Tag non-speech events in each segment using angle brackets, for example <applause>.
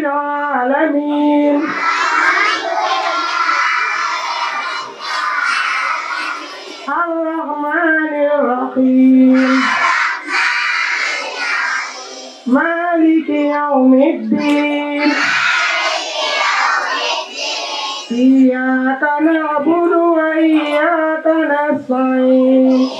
العالمين الرحمن الرحيم مالك يوم الدين إياك نعبد وإياك نستعين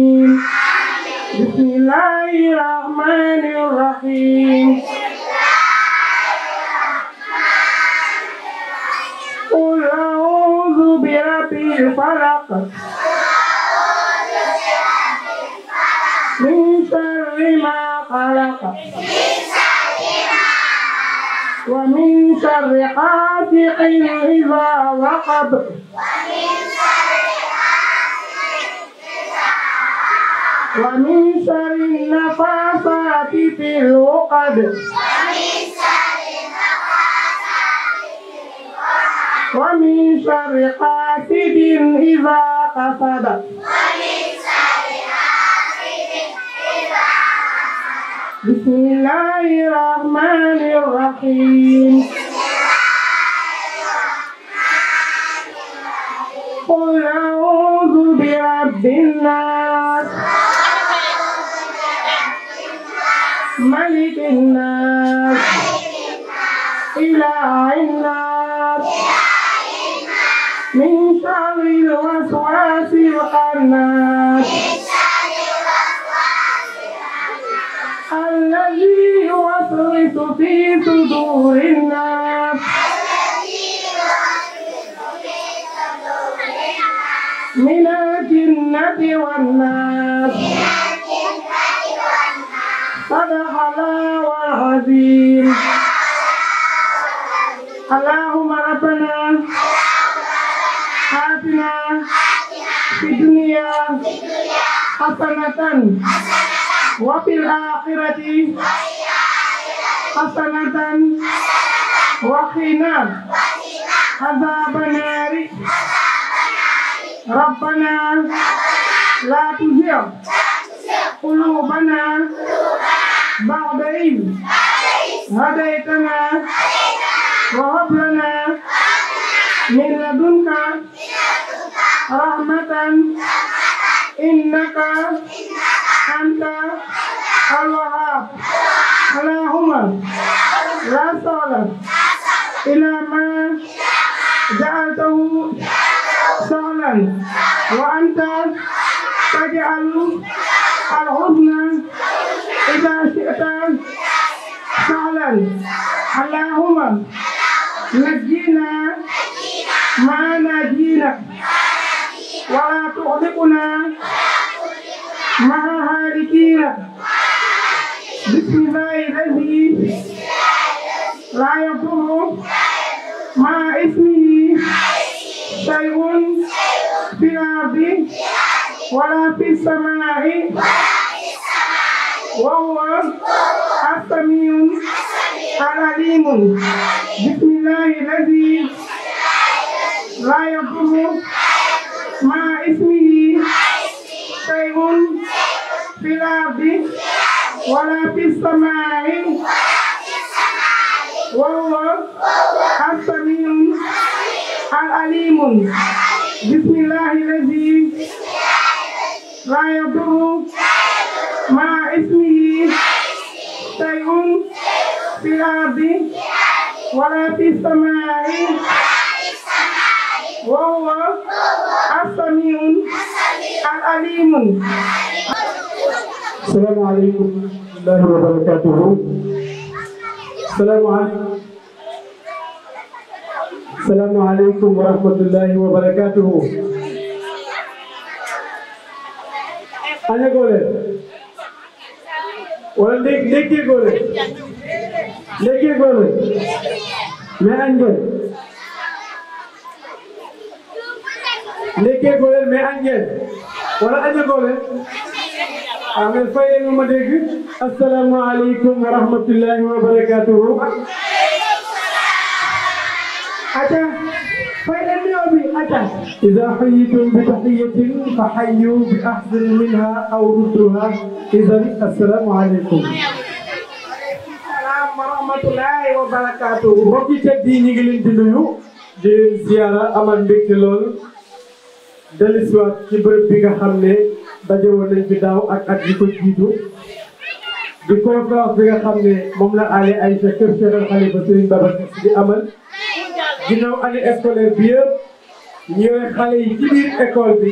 الرحمن الرحيم قل أعوذ برب الفلق من شر ما خلق ومن شر حاسق إذا وقب ومن شر ومن شر النفاثات في العقد ومن شر حاسد إذا قصد بسم الله الرحمن الرحيم قل أعوذ برب الناس ملك الناس إله الناس من شر الوسواس الخناس الذي يوسوس في صدور الناس من الجنة والناس hasanatan wa fil akhirati hasanatan wa khina adhaban rabbana la tuzigh qulubana ba'da id hadaytana wa hab lana min ladunka rahmatan إنك أنت الله اللهم لا صلاة إلى ما جعلته صلاة وأنت تجعل الحزن إذا شئت صلاة اللهم نجينا ما نجينا ولا تغلقنا مع هالكينا بسم الله الذي لا يضر مع اسمه شيء في الارض ولا في السماء وهو السميع العليم بسم الله الذي لا يضر مع اسمه شيء في الأرض ولا في السماء وهو السميع العليم بسم الله الذي لا يضر مع اسمه شيء في الأرض ولا في السماء وهو السميع العليم السلام عليكم ورحمة الله وبركاته السلام عليكم السلام عليكم ورحمة الله وبركاته أنا قولي ولا ليك ليك قولي ليك قولي ما عندك ndekkee goo leen mais añ ngeen wala añagoo leen ah ngeen fay leen ma dégg asalaamaaleykum wa rahmatullahi wa barakaatuhu. aca fay leen nuyoo bi aca. idaa xayyitum bi taxiyatin fa xayyu bi axsan minha aw rudduha idan asalaamaaleykum. wa rahmatullahi wa barakaatuhu. mbokk yi tedd yi ñu ngi leen di nuyu di leen ziyaara amal mbégte lool. dellusiwaat ci bërëb bi nga xam ne daje woon nañ fi daaw ak at yi ko jiitu di conférence bi nga ne moom la Aly Aïcha kër Seydal Khalifa bi xale yi ci biir école bi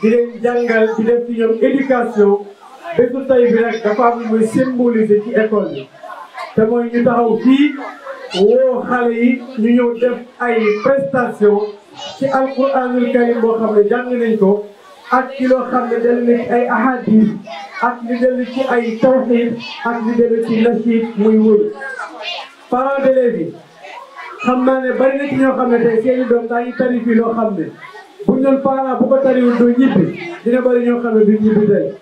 di leen jàngal di def ci ñoom éducation bésu tay bi nag dafa muy symboliser ci école bi te mooy ñu taxaw fii woo xale yi ñu ñëw def ay prestation ci alquranul karim boo xam ne jàng nañ ko ak ci loo xam ne dellu na ci ay ahadis ak li dellu ci ay tawxiid ak li dellu ci nasid muy wóy parents d'élèves xam naa bari na ci ñoo xam ne tey seeni doom daa ngi tari loo xam ne buñ doon parent bu ko tariwul doo ñibbi dina bari ñoo xam ne duñ ñibbi tey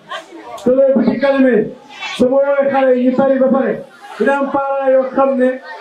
te loolu bu ci kanamee su ma woowee yi ñu ba pare dina am parent xam ne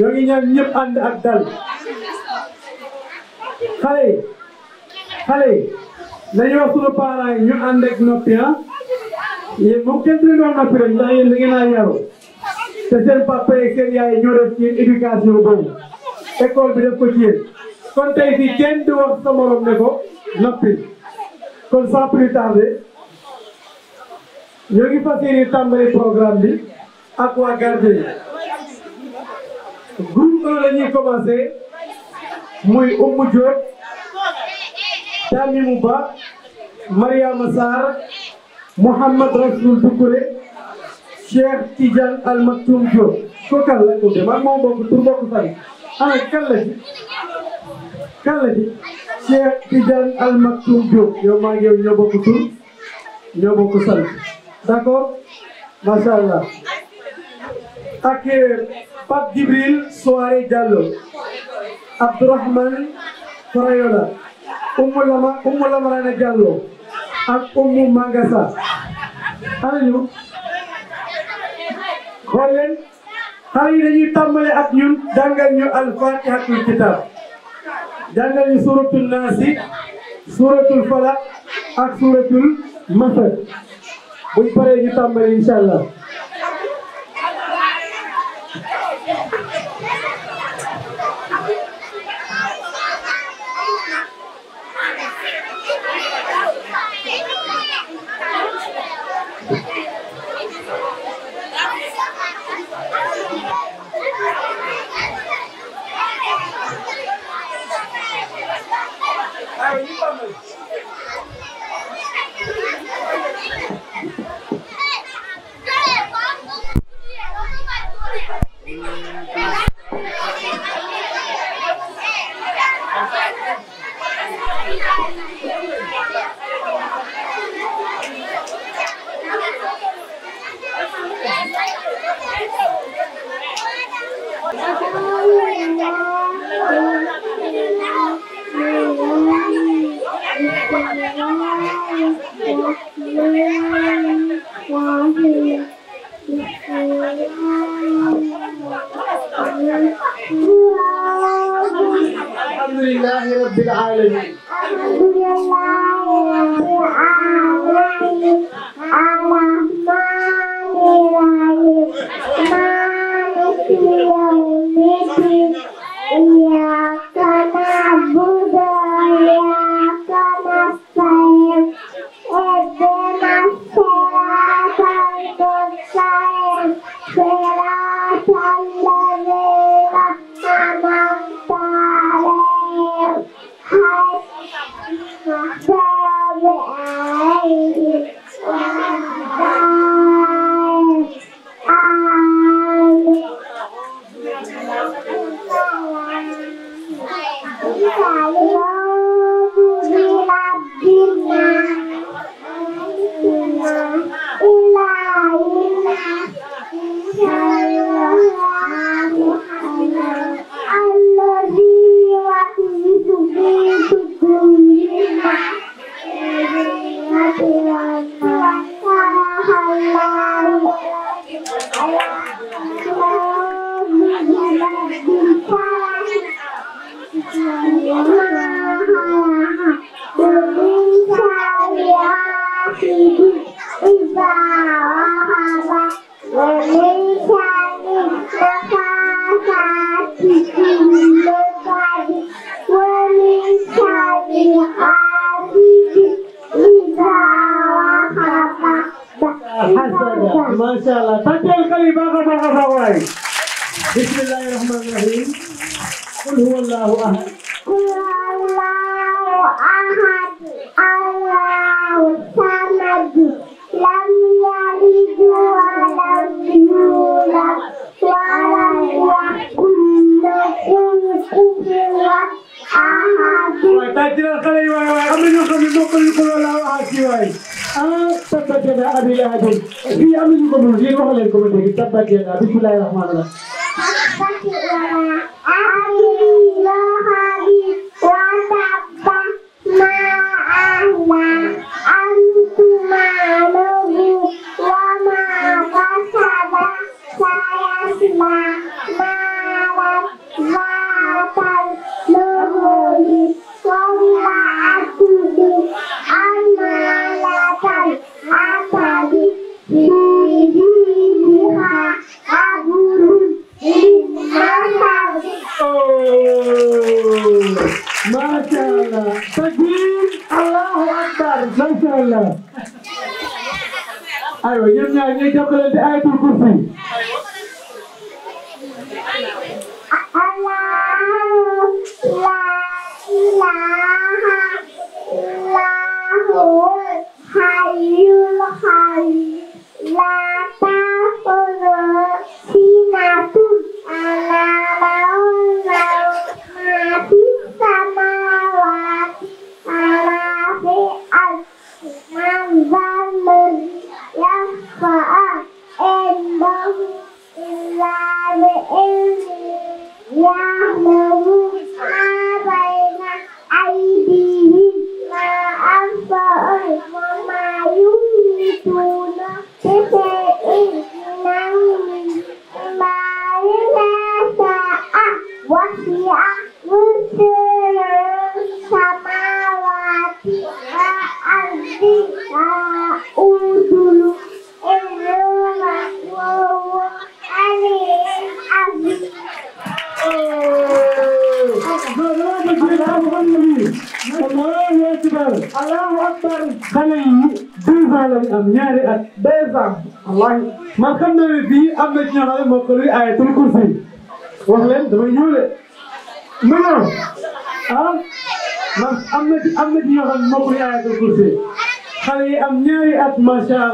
ñoo ngi ñaan ñëpp ak dal xale yi xale yi nañu wax suñu parents yi ñu ànd ak noppi ah yéen moom kenn duñu doon rek ndax yéen da ngeen a te seen papa yi seen yaay ñoo def ci éducation boobu école bi def ko ci yéen kon tey fii kenn du wax sa morom ne ko noppi kon sans plus ngi programme bi ak groupe 1 la ñuy commencé muy Oumou Diop Tamimou Ba Mariama Sarr Mouhamad Rasoul Doucouré Cheikh Tidiane Al Maktoum Diop ko la ko dem ak moom bokk tur bokk sari ana kan kan la ci Cheikh Tidiane Al Maktoum Diop yow maa ngi yow ñoo tur ñoo bokk sari d'accord macha allah ak Pape Djibril Souare Diallo Abdourahmane Frayola Oumou Lama Oumou Lamarana Diallo ak Oumou Mangasa anañu xool leen xale yi dañuy tàmbale ak ñun jàngal ñu alfatihatul kitab jàngal ñu suratul naasi suratul falaq ak suratul masad buñ paree ñu tàmbale incha allah laajee fii am nañu ko mënul yéen wax leen ko ba léegi tabbat yadaa bismillaahi rahmaani rahiim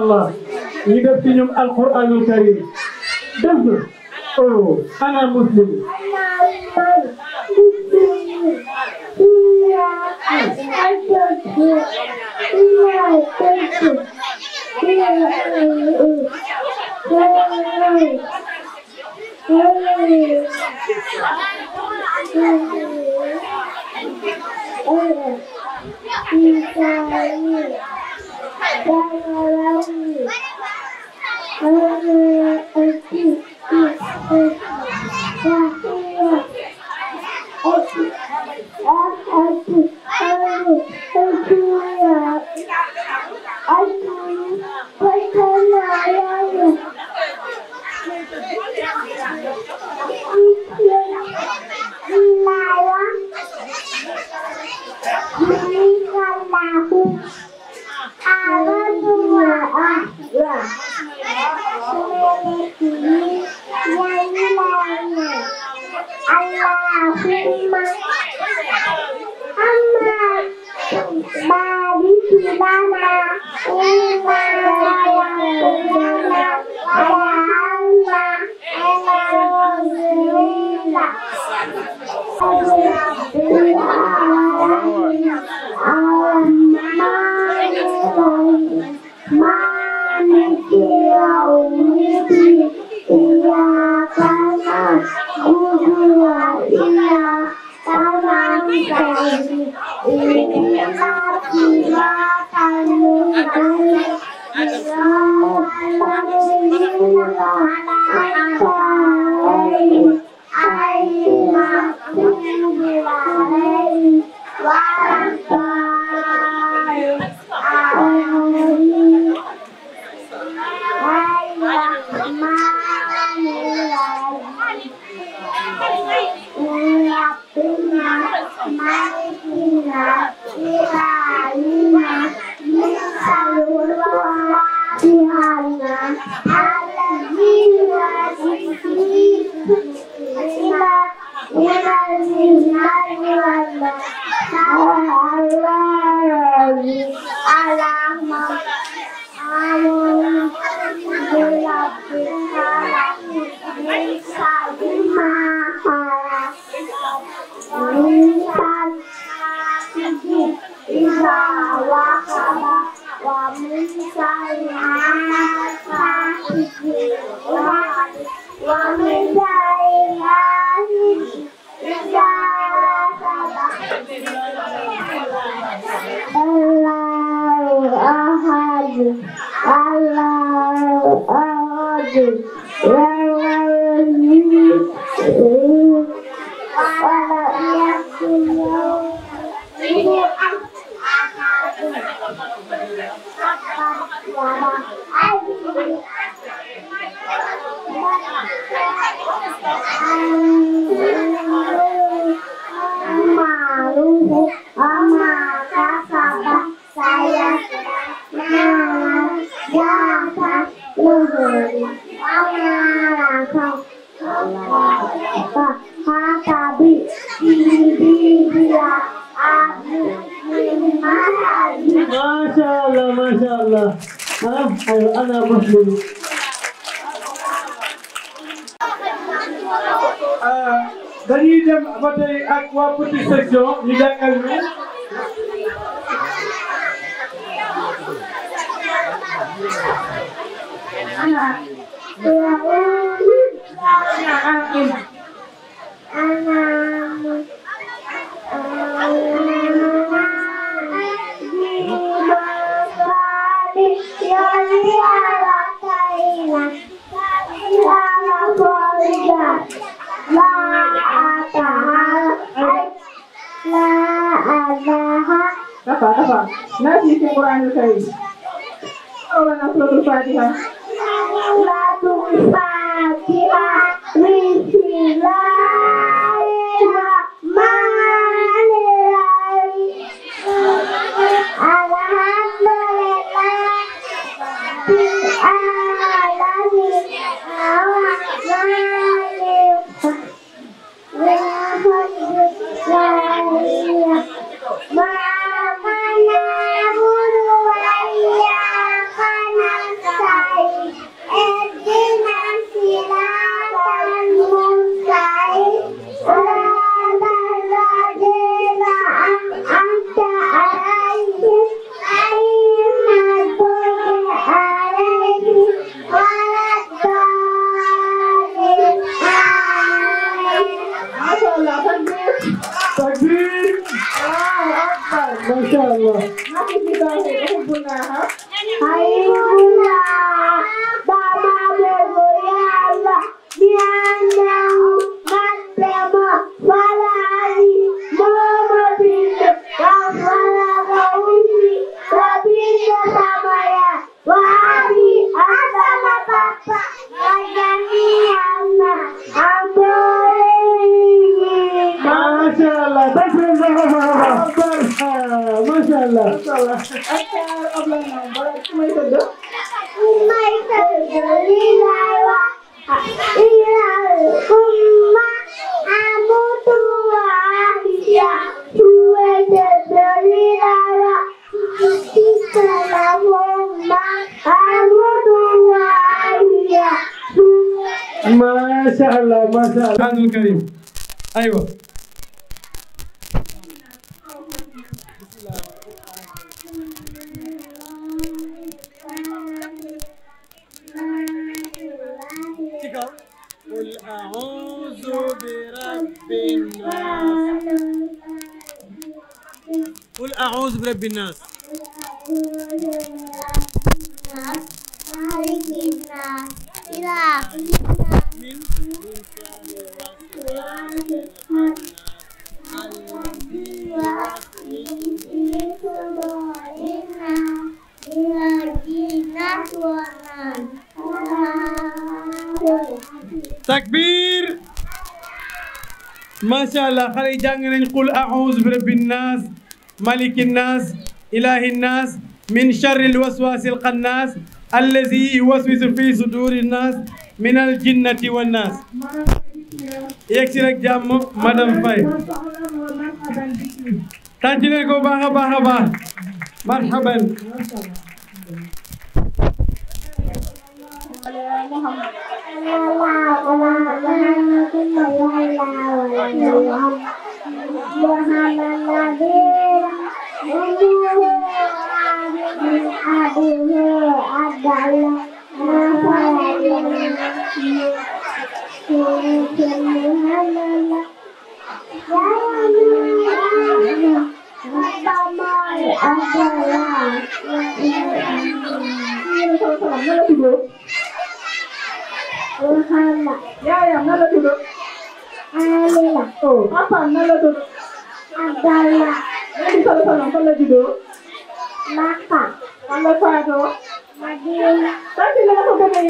allah ñu def ci ñoom alquranul karim def na oh ana muslim Masya Allah, Masya Allah. Hah? Ayo, anak muslim. Dalilem batay ak wa petit section ni jangal mi Ana Ana Ana Ana apa apa nasi Quran karim awal nafsul fatihah nafsul fatihah Bismillahirrahmanirrahim Ah! Allah. Happy Diwali, everyone. Hi. القرآن الكريم أيوة قل أعوذ برب الناس قل أعوذ برب الناس مالك الناس إلى تكبير ما شاء الله خلي جانغرين قل أعوذ برب الناس ملك الناس إله الناس من شر الوسواس القناس الذي يوسوس في صدور الناس minal jinnati wan naas yegsi rek jàmm madame Faye tàcc leen ko baax a baax a baax marhaban محمد Maka. Kalau saya Maşallah. Ha? Bismillahirrahmanirrahim.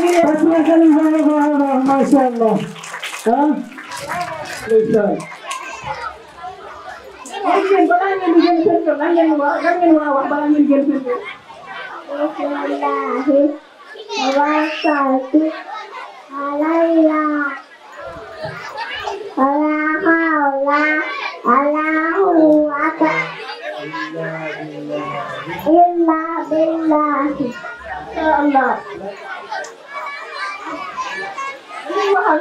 billahi. Allah. Ano yung mahal?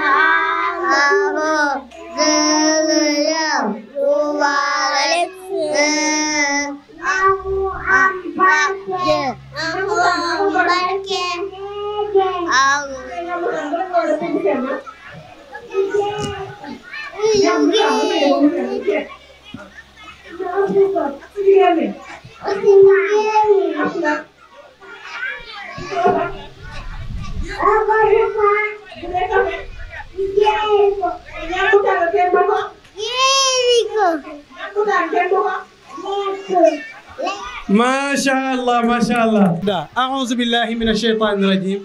Bravo. Bravo. aouzu billahi min asheytan irajim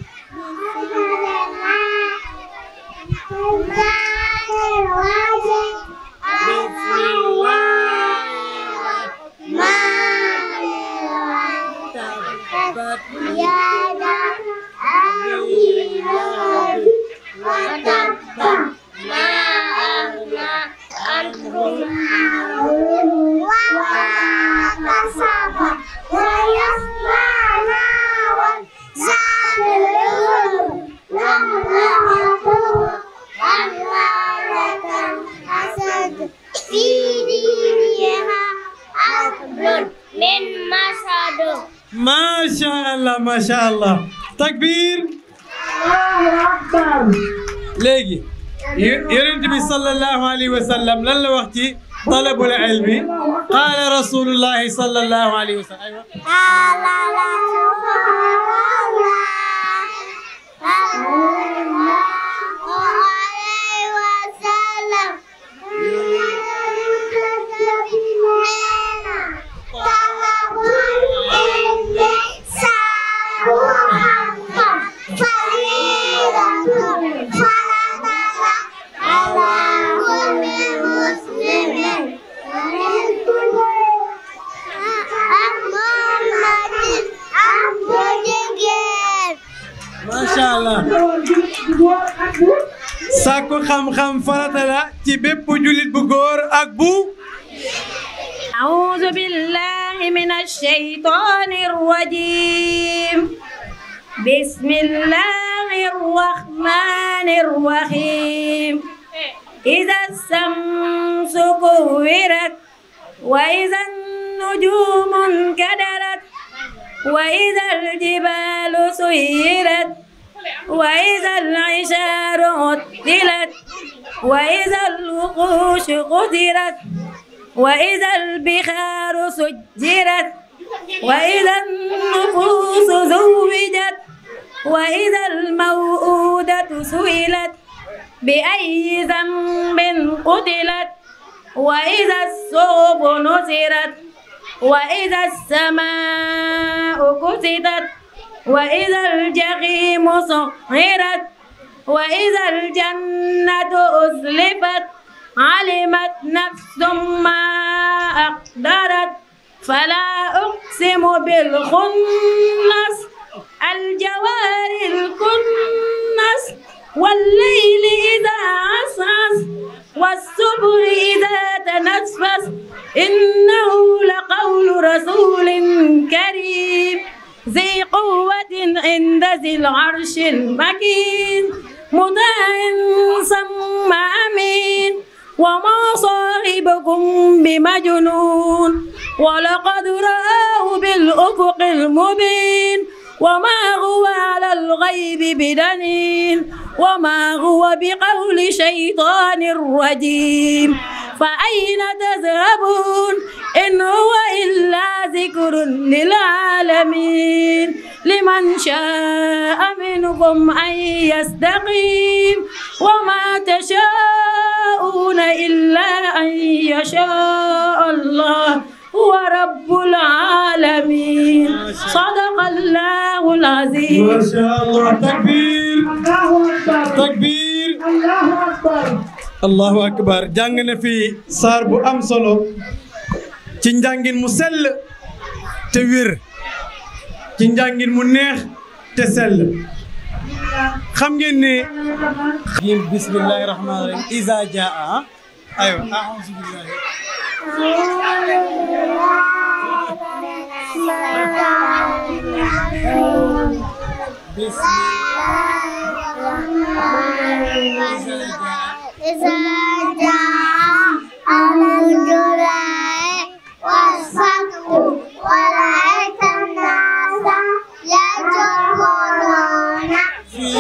لن وقتي طلب العلم قال رسول الله صلى الله عليه وسلم أيوة. نجوم انكدرت وإذا الجبال سيرت وإذا العشار عطلت وإذا الوقوش قدرت وإذا البخار سجرت وإذا النفوس زوجت وإذا الموءودة سئلت بأي ذنب قتلت وإذا الصوب نزرت وإذا السماء كتبت وإذا الجحيم سعرت وإذا الجنة أزلفت علمت نفس ما أقدرت فلا أقسم بالخنس الجوار الكنس والليل إذا عسعس والصبر إذا تنفس إنه لقول رسول كريم ذي قوة عند ذي العرش المكين مطاع ثم أمين وما صاحبكم بمجنون ولقد رآه بالأفق المبين وما هو على الغيب بدليل وما هو بقول شيطان رجيم فأين تذهبون إن هو إلا ذكر للعالمين لمن شاء منكم أن يستقيم وما تشاءون إلا أن يشاء الله ورب العالمين صدق الله العظيم ما شاء الله تكبير الله اكبر تكبير الله اكبر الله اكبر جانغنا في صار بو ام سولو تي نجانغين مو سل تي وير تي نجانغين مو نيه تي سل خمغين ني بسم الله الرحمن الرحيم اذا جاء ايوه اعوذ بالله بسم الله إذا جاء أمر جلائه والصدق ورأيت الناس يدخلون في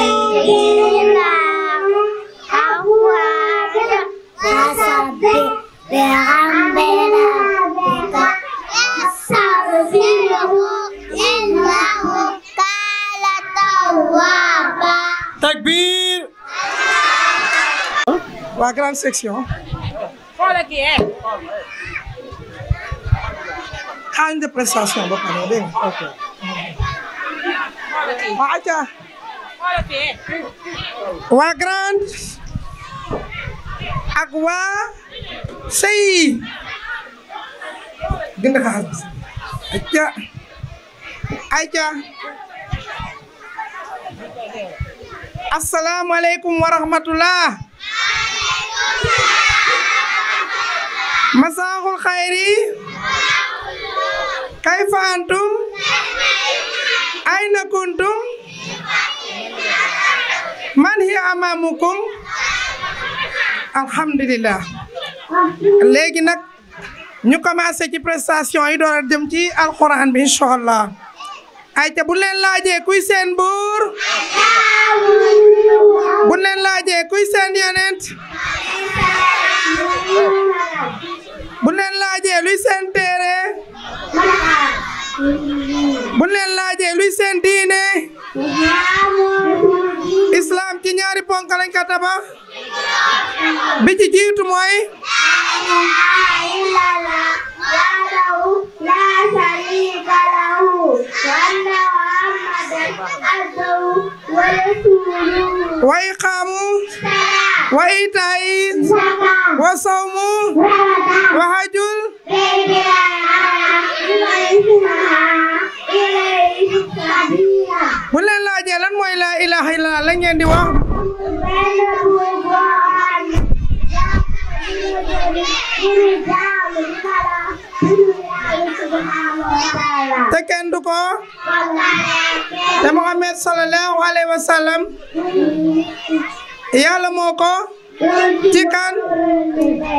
Kasabi, Berambela, Beka, Kasabiru, Innahu, Kala Tawaba. Takbir! Wakaran section. Fala que é. Carne de prestação, vou falar bem? Ok. Fala que é. Fala que é. Wakaran. ak wa sëy gën a xaar bis ayca ayca asalaamaaleykum wa rahmatullah masaaxul xayri kayfa antum ayna kuntum man hiya alhamdulilah léegi nag ñu commencé ci prestation yi door a jëm ci alxuraan bi incha allah ay ca bu leen laajee kuy seen buur bu leen laajee kuy seen yonent bu leen laajee luy seen téere bu leen laajee luy seen diine islam ci ñaari ponk lañ ko tabax bi ci jiitu mooy wa iqaamu wa itaayi wa sawmu wa hajul bu leen laajee lan mooy laa ilaha illallah la ngeen di wax te kenn sallallahu alayhi wa sallam yàlla ya Cikan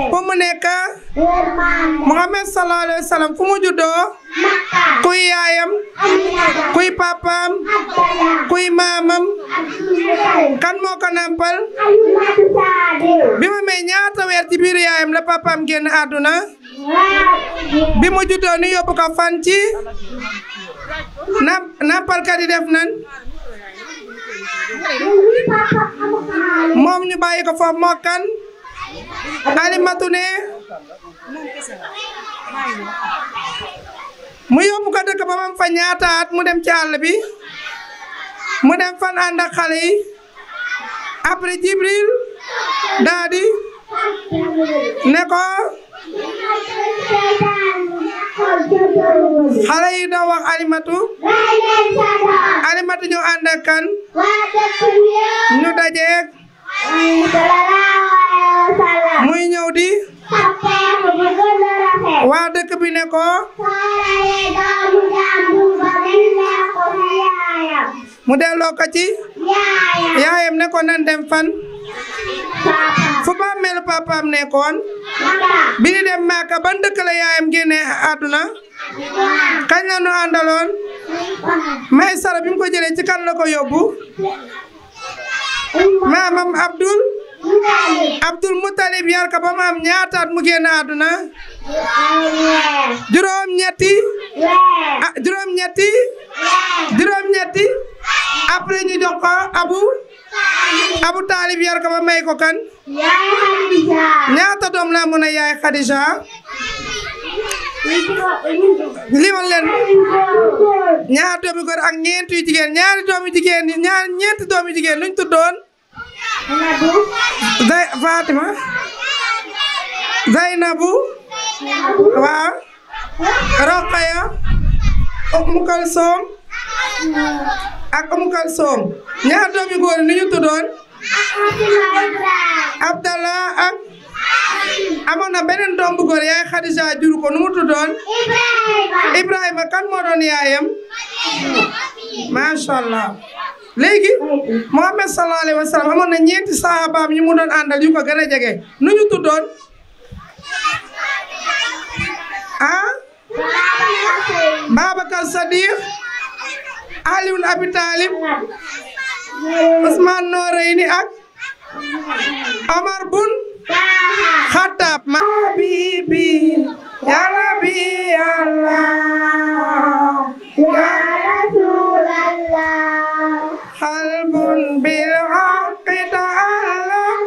fu mu nekk Muhammad sallallahu alayhi wa sallam fu mu juddoo kuy yaayam kuy papaam kuy maamam kan moo ko kan nampal bi mu amee ñaata weer ci biir yaayam la papaam génn àdduna bi mu juddoo ni yóbbu ko fan ci nampalkat def nan moom ñu bàyyi ko foofu moo kan Alimatu mu yóbbu ko dëkk ba mam fa ñaataat mu dem ci àll bi mu dem fan ànd xale yi après Jibril daadi ne ko xale yi doon alimatu alimatu ñu ànd kan ñu dajeek muy ñëw di waa dëkk bi ne ko mu delloo ko ci yaayam ko nan dem fan fu bàmmeelu papaam nekkoon bi ñu dem Màkka ban dëkk la yaayam génne àdduna kañ la nu àndaloon may sara bi ko jëlee ci kan la ko yóbbu maamam Abdul Abdul Muttalib yar ka ba mu am at mu génn aduna juróom ñetti ah juróom ñetti juróom ñetti après ñu jox ko abu abu Talib yar ka ba may ko kan ñaata dom la mu na yaay Khadija limal len ñaar doomi góor ak ñeentu jigen ñaari doomi jigen ñaar ñeenti doomi jigen luñ tudon Zey Fatima Zeynabu waaw Roqaya Umu Kalsoom ak ñaar doomi góor ni ñu tuddoon Abdallah ak amoon benen beneen gor yaay Khadija juru ko numu tudon ibrahim ibrahim kan modon yaayam ma sha allah legi Muhammad sallallahu Alaihi Wasallam. sallam amoon sahaba. ñeenti sahabaam yi mu doon àndal yu ko gën a jege nu ah Babacar Sadiq Ali ibn Abi Talib Ousmane Noreyni ak Omar Bun Khatab ma habibi ya Rabbi Allah ya Rasulallah halbun bil haqqi ta'allam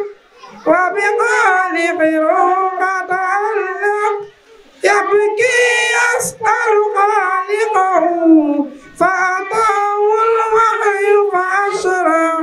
wa bi qali qiruqa ta'allam yabki yas'al qaliqahu fa'atahu al-wahyu fa'asram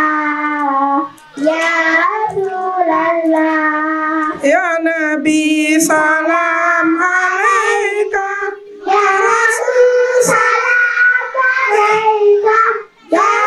Allah Ya Nabi salam alaika Ya Rasul salam alaika Ya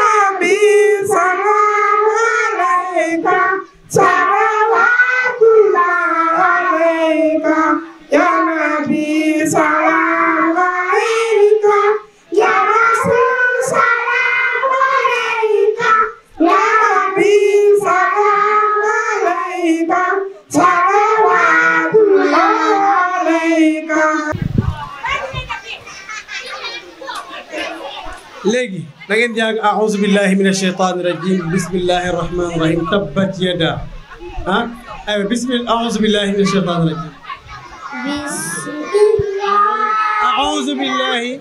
لجي لكن يا أعوذ بالله من الشيطان الرجيم بسم الله الرحمن الرحيم تبت يدا ها أي بسم الله أعوذ بالله من الشيطان الرجيم بسم الله أعوذ بالله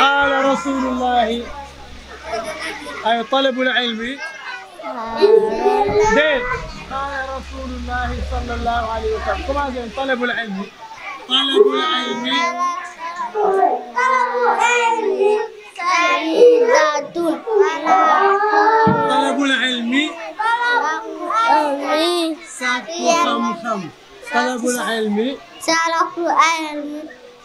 قال رسول الله أي طلب العلم دين قال رسول الله صلى الله عليه وسلم كما زين طلب العلم طلب العلم طلب العلم سقف العلم طلب العلم سقف علم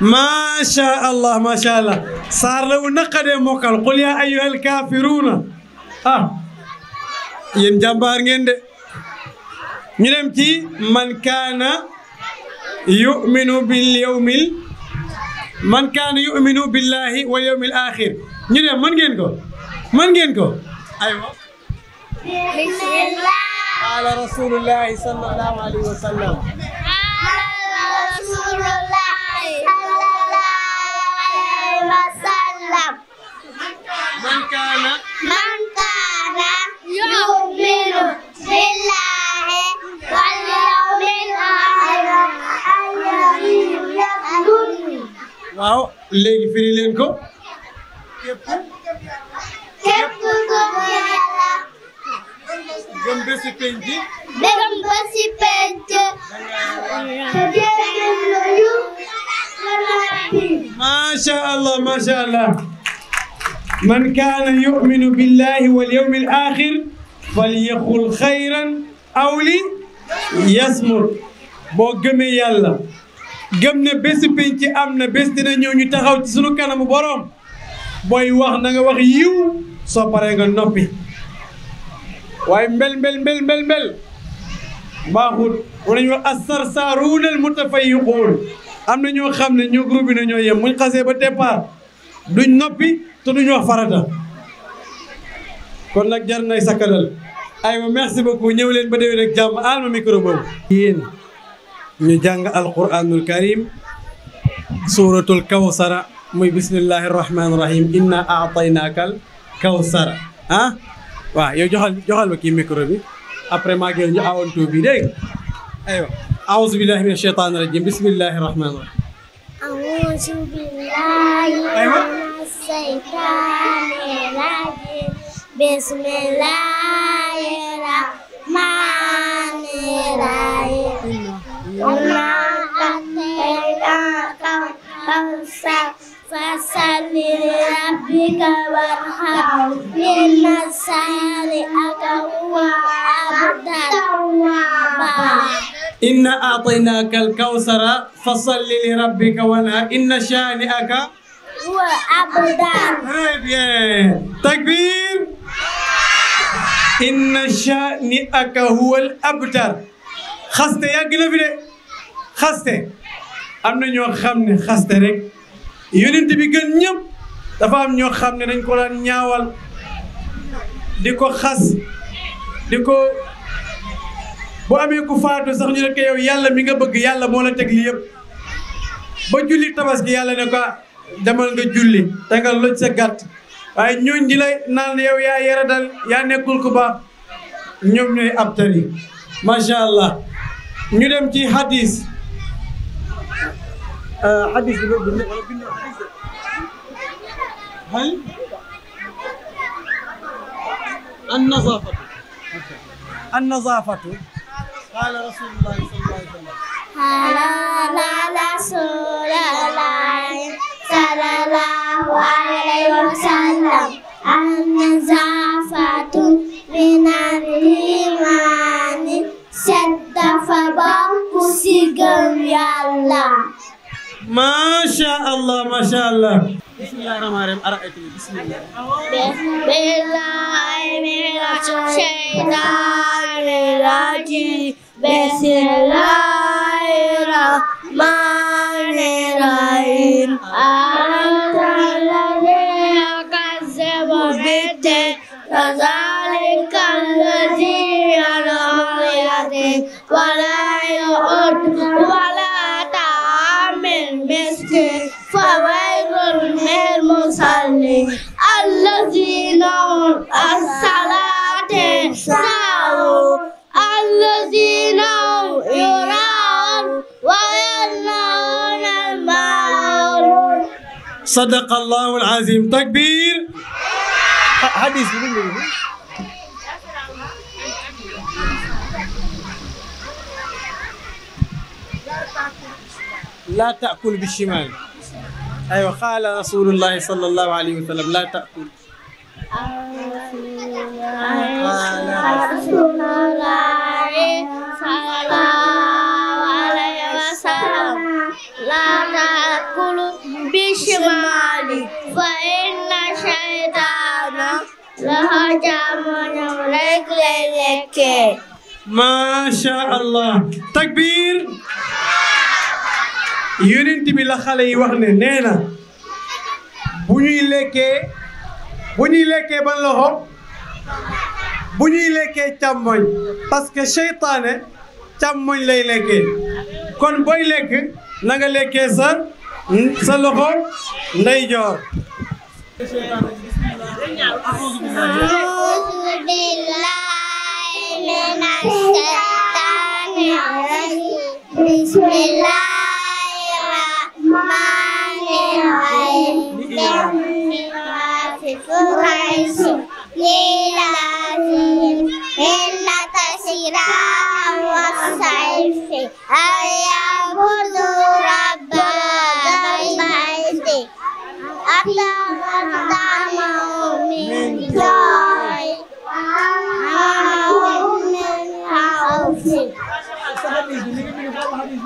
ما شاء الله ما شاء الله صار لو نقد مقال قل يا ايها الكافرون اه يم جامبار نيند نيمتي من كان يؤمن باليوم من كان يؤمن بالله واليوم الاخر نيم من نينكو من نينكو ايوا بسم الله على رسول الله صلى الله عليه وسلم على رسول الله وسلم من كان من كان يؤمن بالله واليوم الآخر waaw léegi firi leen ko képp képp ku gëm yàlla gëm bési penc gëm bési penc ما شاء الله ما شاء الله من كان يؤمن بالله واليوم الآخر فليقل خيرا أو لي يسمر بوغم يلا جمنا بس بنتي أمنا بس دينا نيو نيو تخاو تسنو كان مبارم بوي واخ نغا واخ يو سو يا نوبي واي مل مل مل مل مل باخوت ونيو أسر سارون المتفيقون amna ñoo xamne ñoo groupe na ñoo yëm muñ xasse ba départ duñ nopi te duñ wax farata kon nak jar nay ay wa merci beaucoup ñew leen ba dewe ak jamm alma micro bob yeen ñu jàng alquranul karim suratul kawsar muy bismillahir rahmanir rahim inna a'tainakal kawsar ha ah? wa yow joxal joxal ba ki micro bi après ma gel ñu awantu bi dégg aywa أعوذ بالله من الشيطان الرجيم بسم الله الرحمن الرحيم أعوذ بالله من الشيطان الرجيم بسم الله الرحمن الرحيم وما أتيناك فانسى فصل لربك وارحم إن سارئك هو أبدا إنا أعطيناك الكوثر فصل لربك وانهر إن شانئك هو أبدا طيب، تكبير إن شانئك هو الأبتر خسته يا قلبي خسته أنا نيو خمني خسته رك yonent bi gën ñëpp dafa am ñoo xam ne dañ ko daan ñaawal di ko xas di ko bu amee ku faatu sax ñu ne ko yàlla mi nga bëgg yàlla moo la teg li yëpp ba julli tabaski yàlla ne ko demal nga julli te nga sa gàtt waaye ñooñ di lay naan yow yaa yara dal yaa nekkul ku baax ñoom ñooy abtari macha allah ñu dem ci hadis حديث قلنا هل النظافة النظافة قال رسول الله صلى الله عليه وسلم قال رسول الله صلى الله عليه وسلم النظافة من الإيمان سد فبقى سجن يالله Masha Allah, Masha Allah. Bismillahirrahmanirrahim. المسكين فويل للمصلين الذين هم عن الصلاة ساهون الذين هم يراءون ويمنعون الماعون صدق الله العظيم تكبير لا تأكل بالشمال أيوة قال رسول الله صلى الله عليه وسلم لا تأكل قال رسول الله صلى الله عليه وسلم لا تأكل بالشمال فإن شيطانا لها جامع يملك لك ما شاء الله تكبير yonent bi la xale yi wax ne nee na bu ñuy lekkee bu ñuy lekkee ban loxo bu ñuy lekkee càmmoñ parce que seytaane càmmoñ lay lekkee kon booy lekk na lekkee sa sa loxo ndeyjoor بسم الله Rahmani Rahim Bismillahir Rahmanir Rahim Lilazim Inna tasira wa saifi Ayabudu Rabba Dabaiti Allah Adama Min Joy Amahu Min Hausi Hadis, ini kita bawa hadis.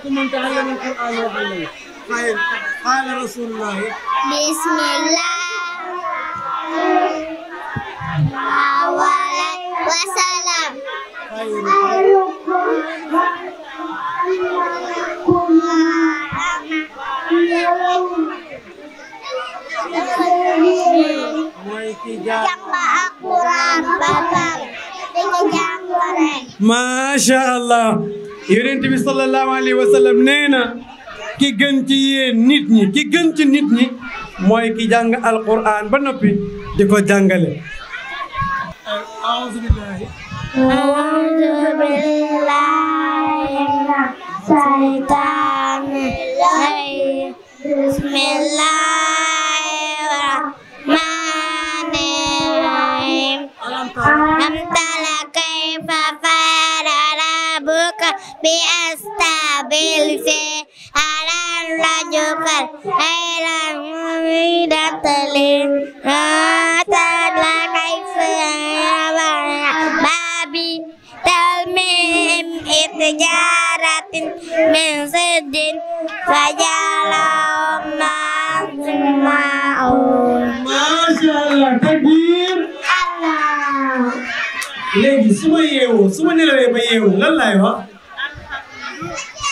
عليكم من تعلم القرآن وعلمه خير قال رسول الله بسم الله أولا وسلام mooy ki jàng Alxuraan ba pare, macha Allah yonent bi sallallahu alaihi wasallam neena ki gën ci nit ñi ki gën ci nit ñi moy ki jang alquran ba nopi diko jangale Bismillahirrahmanirrahim. بأستقبل على الرجل غير مؤمنة تدل كيف بابي تلميم إتجارة من صد فجعلهم مجمعون ما شاء الله تكبير الله léegi su ma yeewoo su ma nelawee ba yeewu lan laay wax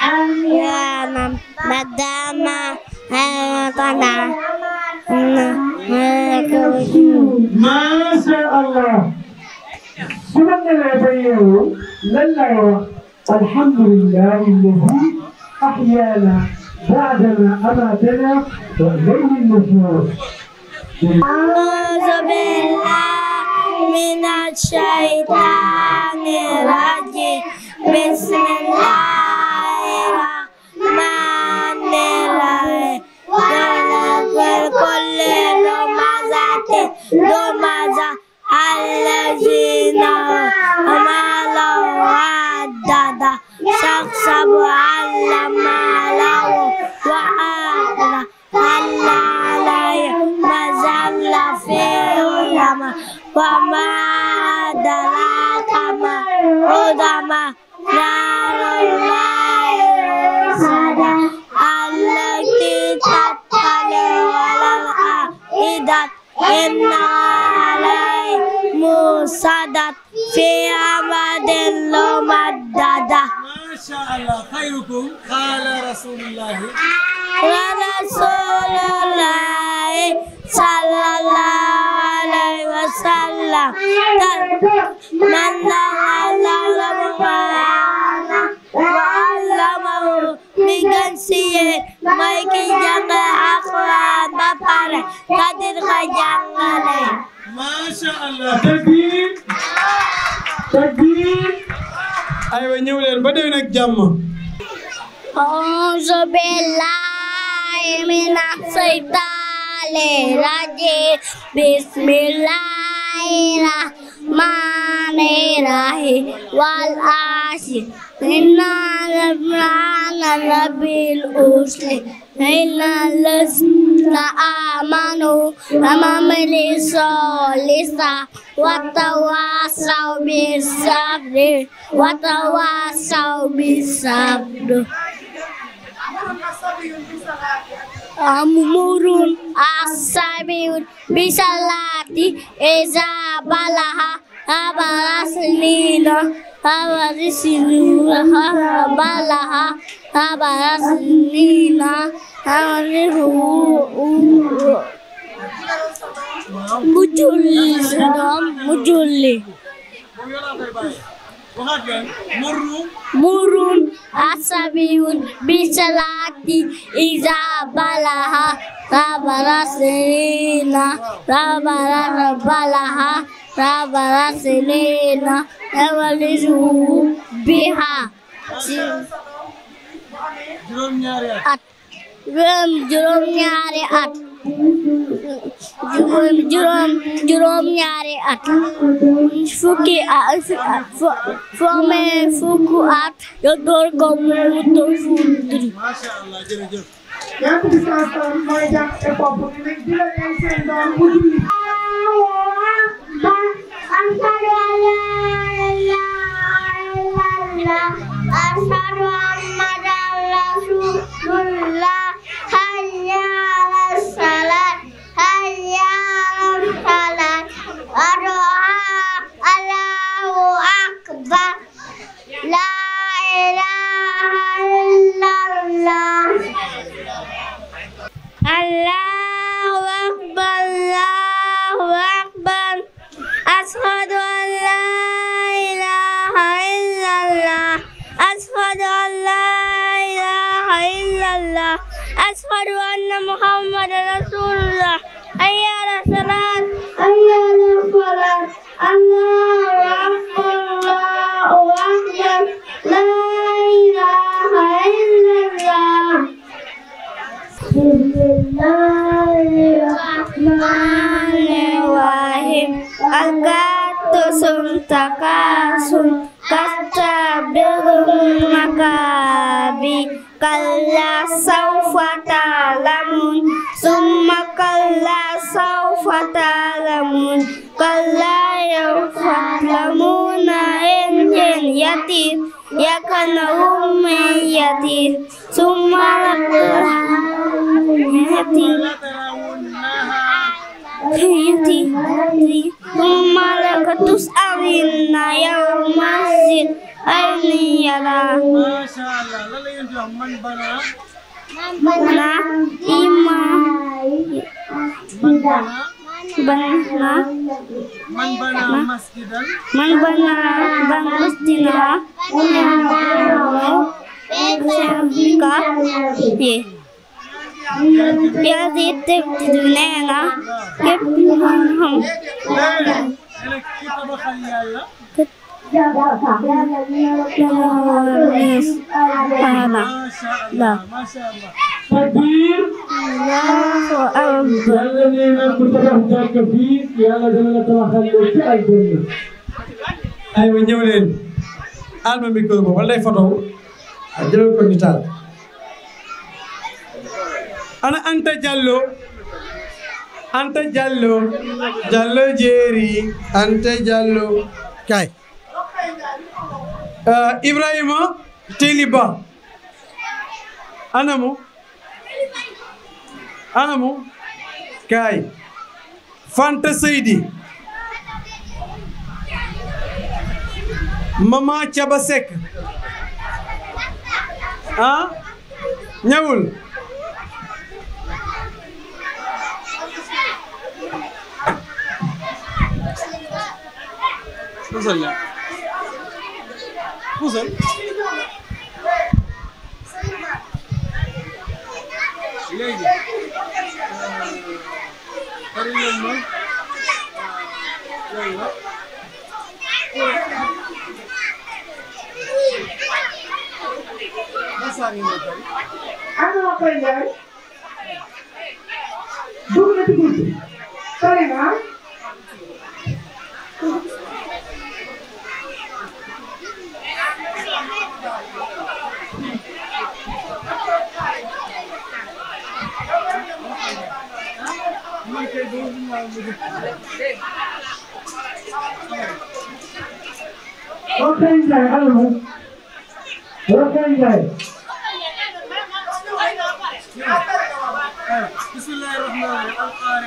Madama, Madama, ما شاء الله سمعنا العبير لله الحمد لله الذي أحيانا بعدما أماتنا وإليه النشور أعوذ بالله من الشيطان الرجيم بسم الله لمزة الذين عملوا عددا شخصب علم له وعلا ألا عليه مزل في علماء وما أدراك ما علماء إن عليهم سدت في عمد ممددة ما شاء الله خيركم قال رسول الله ورسول الله صلى الله عليه وسلم من الله siir mooy ki jàng Alxuraan ba pare ka dir ka jàngale masha Allah takbir takbir aywa ñëw leen ba déwén ak jàmm أعوذ بالله من الشيطان الرجيم بسم الله الرحمن الرحيم والعاشر إنا عن رب الأصل إلا الذين آمنوا وعملوا الصالحات وتواصوا بالصبر وتواصوا بالصبر أمور السميع بصلاتي إذا بلغ أبر سنين أبر سنين بلغ أبر سنين أمره مجلس مجلس burun asabiyun bisalati iza balaha rabara silina rabara balaha rabara silina yabalizu biha at Rum jurumnya hari at juróom juróom ñaari at fukki at fu amee fukki at yo door ko mu wutu fuudiri Ashhadu an la رسول الله هيا على الصلاة هيا على الصلاة أرعى الله أكبر لا إله إلا الله الله أكبر الله أكبر أشهد أن لا إله إلا الله أشهد أن لا ilaha illallah Asfadu anna Muhammad Rasulullah Ayyala salat Ayyala salat Allahu Akbar Allahu Akbar La ilaha illallah Bismillahirrahmanirrahim Agatu sumtakasun Kastabdurumaka كلا سوف تعلمون ثم كلا سوف تعلمون كلا سوف تعلمون إن يتيم يكن أم يتيم ثم لتعلمون Hiti hati Umala masjid ya lah yang Mana Biraz yettim dune na yëpp xam aywa ñëw leen alma micro ba wala ay photo ah, jëlal ko nitaal ana Anta Diallo Anta Diallo Diallo jeeri Anta Diallo kay uh, Ibrahima Tiliba ana mu ana Fanta Seydi Mama Caba Seck ah ñëwul puusal ña puusal léegi xarit ñoom ma loolu la masaar yi mooy tey am na koy njaay dugg na ci guddi sori naa بسم الله الرحمن الرحيم القارعة بسم الله الرحمن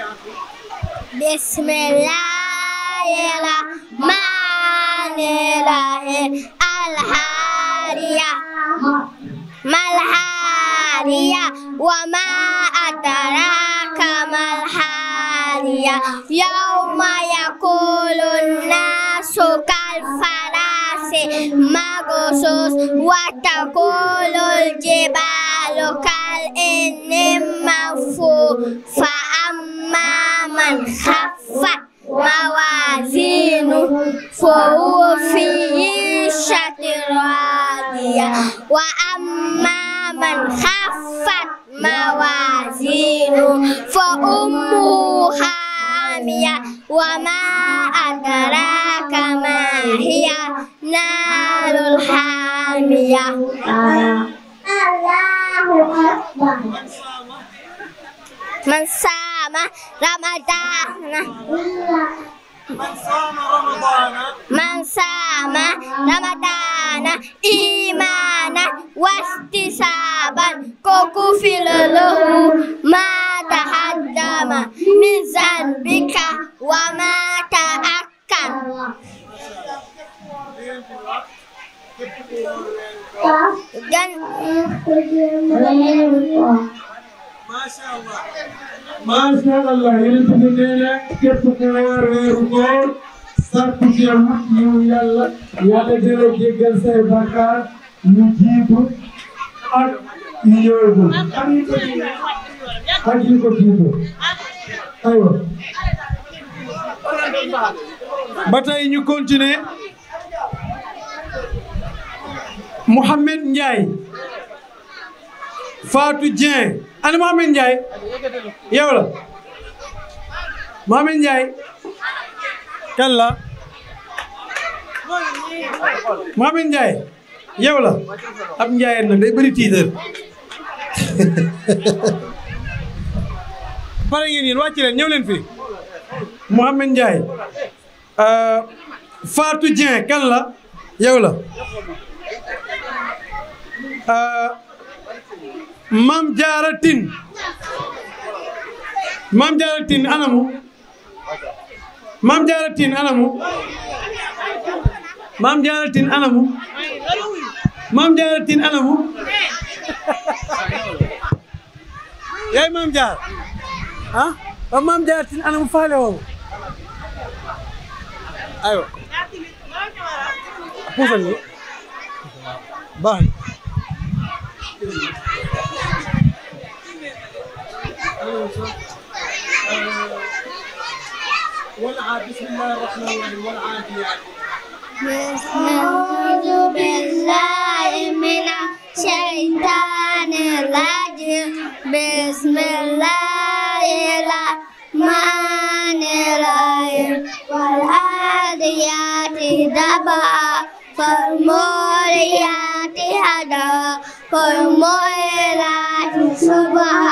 الرحيم الحارية ما الحارية وما أدراك ما الحارية ثانية يوم يقول الناس كالفراش مغصوص وتقول الجبال كالإن منفوش فأما من خفت موازينه فهو في عيشة راضية وأما من خفت موازينه فأمه حامية وما أدراك ما هي نار الحامية الله أكبر من صام رمضان Man sama Ramadan iman wastisaban koku filalahu ma tahaddama min zanbika wa ma ta'akkan dan macha allah macha allah yéen a ngi nee na képp ku war weeru koor sàkku ci yow ñu jiitu ak ñu yóobu ak ñu ko jiitu ñu ko jiitu ñu continuer Mouhamed Ndiaye. Fatou Dieng ana Mohamed Ndiaye yow la Mohamed Ndiaye kan la Mohamed Ndiaye yow la ab Ndiaye nag day bëri tiitër <laughs> pare ngeen yéen wàcc leen ñëw leen fii Mohamed Ndiaye euh, Fatou Dieng kan la yow la euh, mam jaara tin mam jaara tin anamu mam jaara tin anamu mam jaara tin anamu mam jaara tin anamu yaay mam jaar ah mam jaara tin anamu faale woo aywa انشط والعب بسم الله الرحمن الرحيم والعب يعني بالله من الشيطان الرجيم بسم الله الرحمن الرحيم والعاديات ضبعا فالموريات هدى فالموريات صبحا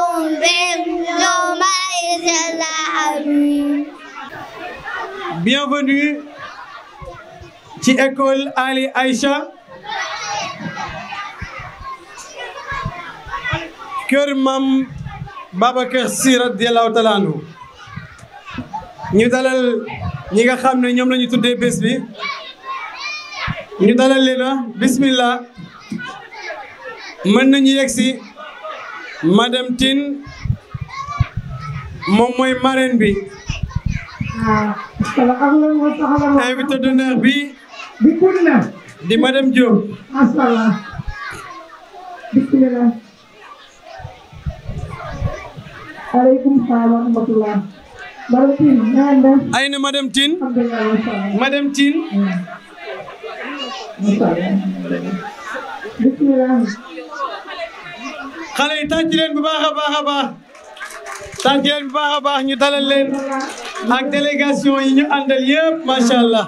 Amin. Bienvenue ci école Ali Aïcha kër Mam Babacar Sy radiyallahu taala anhu ñu dalal ñi nga xam ne ñoom la tuddee bés bi ñu dalal leen bismillah mën nañu yegsi madame Tine mom moy marraine bi. invité d'honneur bi. di madame Diop. macha allah. bisimilah. aleykum salaam wa rahmatulah. madame Tine na madame tin madame tin macha allah. bisimilah. xale yi tàcc bu baakha baakha baakha sant yéen bu baax a baax ñu dalal leen ak allah.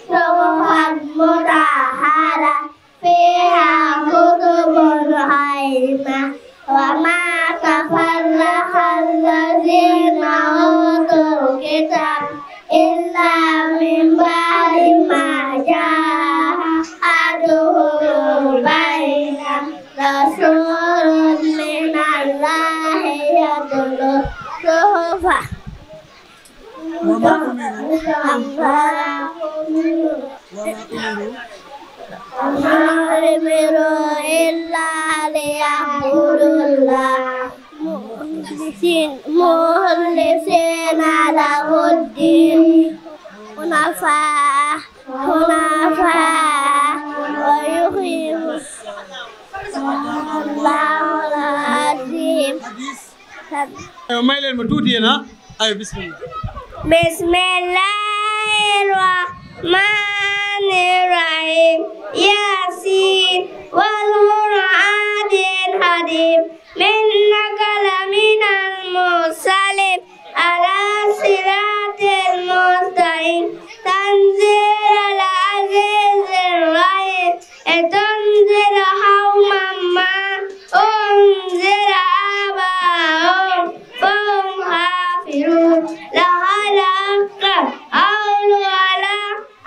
صحفا مطهرة فيها كتب قيمة وما تفرق الذين أوتوا الكتاب إلا من بعد ما جاء يستكبروا إلا ليعبدوا الله مخلصين له الدين حنفاء حنفاء ويقيم الله العظيم may leen ma tuuti yéen ay bismillah bismillahir rahman الرحمن الرحيم ياسين والقرآن الحكيم إنك لمن المرسلين على صراط المستقيم تنزيل العزيز الرحيم تنزل قوما ما أنذر آباءهم فهم غافلون لها الحق قول على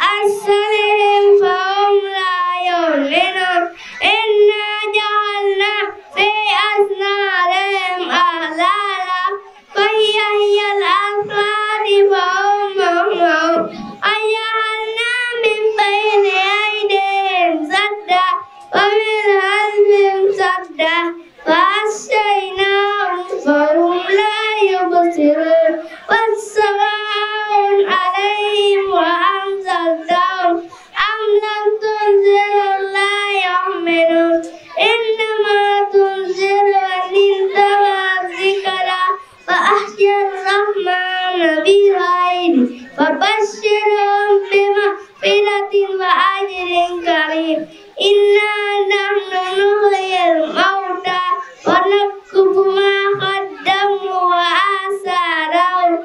ألسنهم فهم لا يؤمنون إنا جعلنا في أسنانهم أغلالا فهي هي الأسنان فهم مغمون وجعلنا من بين أيديهم سدا ومن خلفهم سدا فأغشيناهم فهم لا يبصرون والسماء عليهم وأنزل الدور أم لم تنزل لا يؤمنون إنما تنزل من انتهى الذكرى فأحيا الرحمن بغيري فبشرهم بمغفرة وأجر كريم إنا نحن نحيي الموتى ونكتب ما قدموا وآثارهم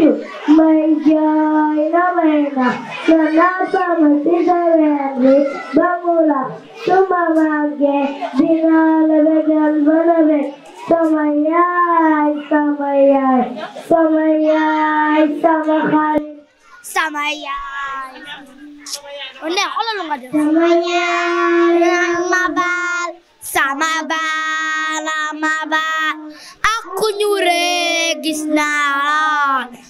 Mayaina maina, nanapa matisa vendri, bangula, tumamage, dinalavegal vanavek, samayai, samayai, samayai, samakari. Samayai. Udah, kalau lu nggak ada. Samayai, namabal, samabal, namabal. Aku nyure gisnalan.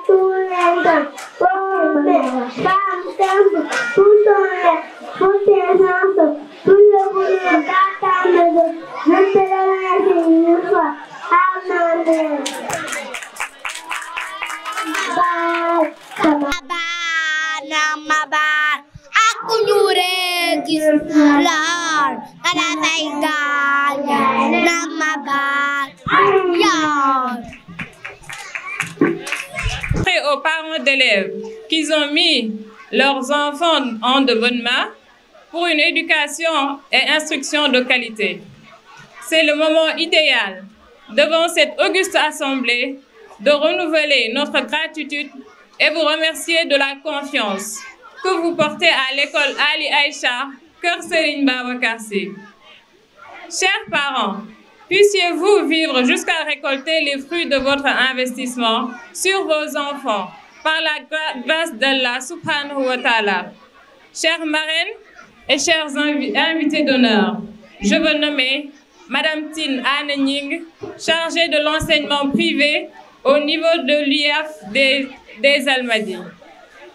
natureza, você está dando funcionar, funcionando, tudo completamente, natureza, sua amada. Lord, and I thank God, Namaba, Lord. aux parents d'élèves qu'ils ont mis leurs enfants en de bonnes mains pour une éducation et instruction de qualité. C'est le moment idéal, devant cette auguste assemblée, de renouveler notre gratitude et vous remercier de la confiance que vous portez à l'école Ali Aïcha, Cœur Serine Chers parents, Puissiez-vous vivre jusqu'à récolter les fruits de votre investissement sur vos enfants par la grâce d'Allah subhanahu wa ta'ala. Chères marraines et chers invités d'honneur, je veux nommer Madame Tin Anening, chargée de l'enseignement privé au niveau de l'IF des, Almadies.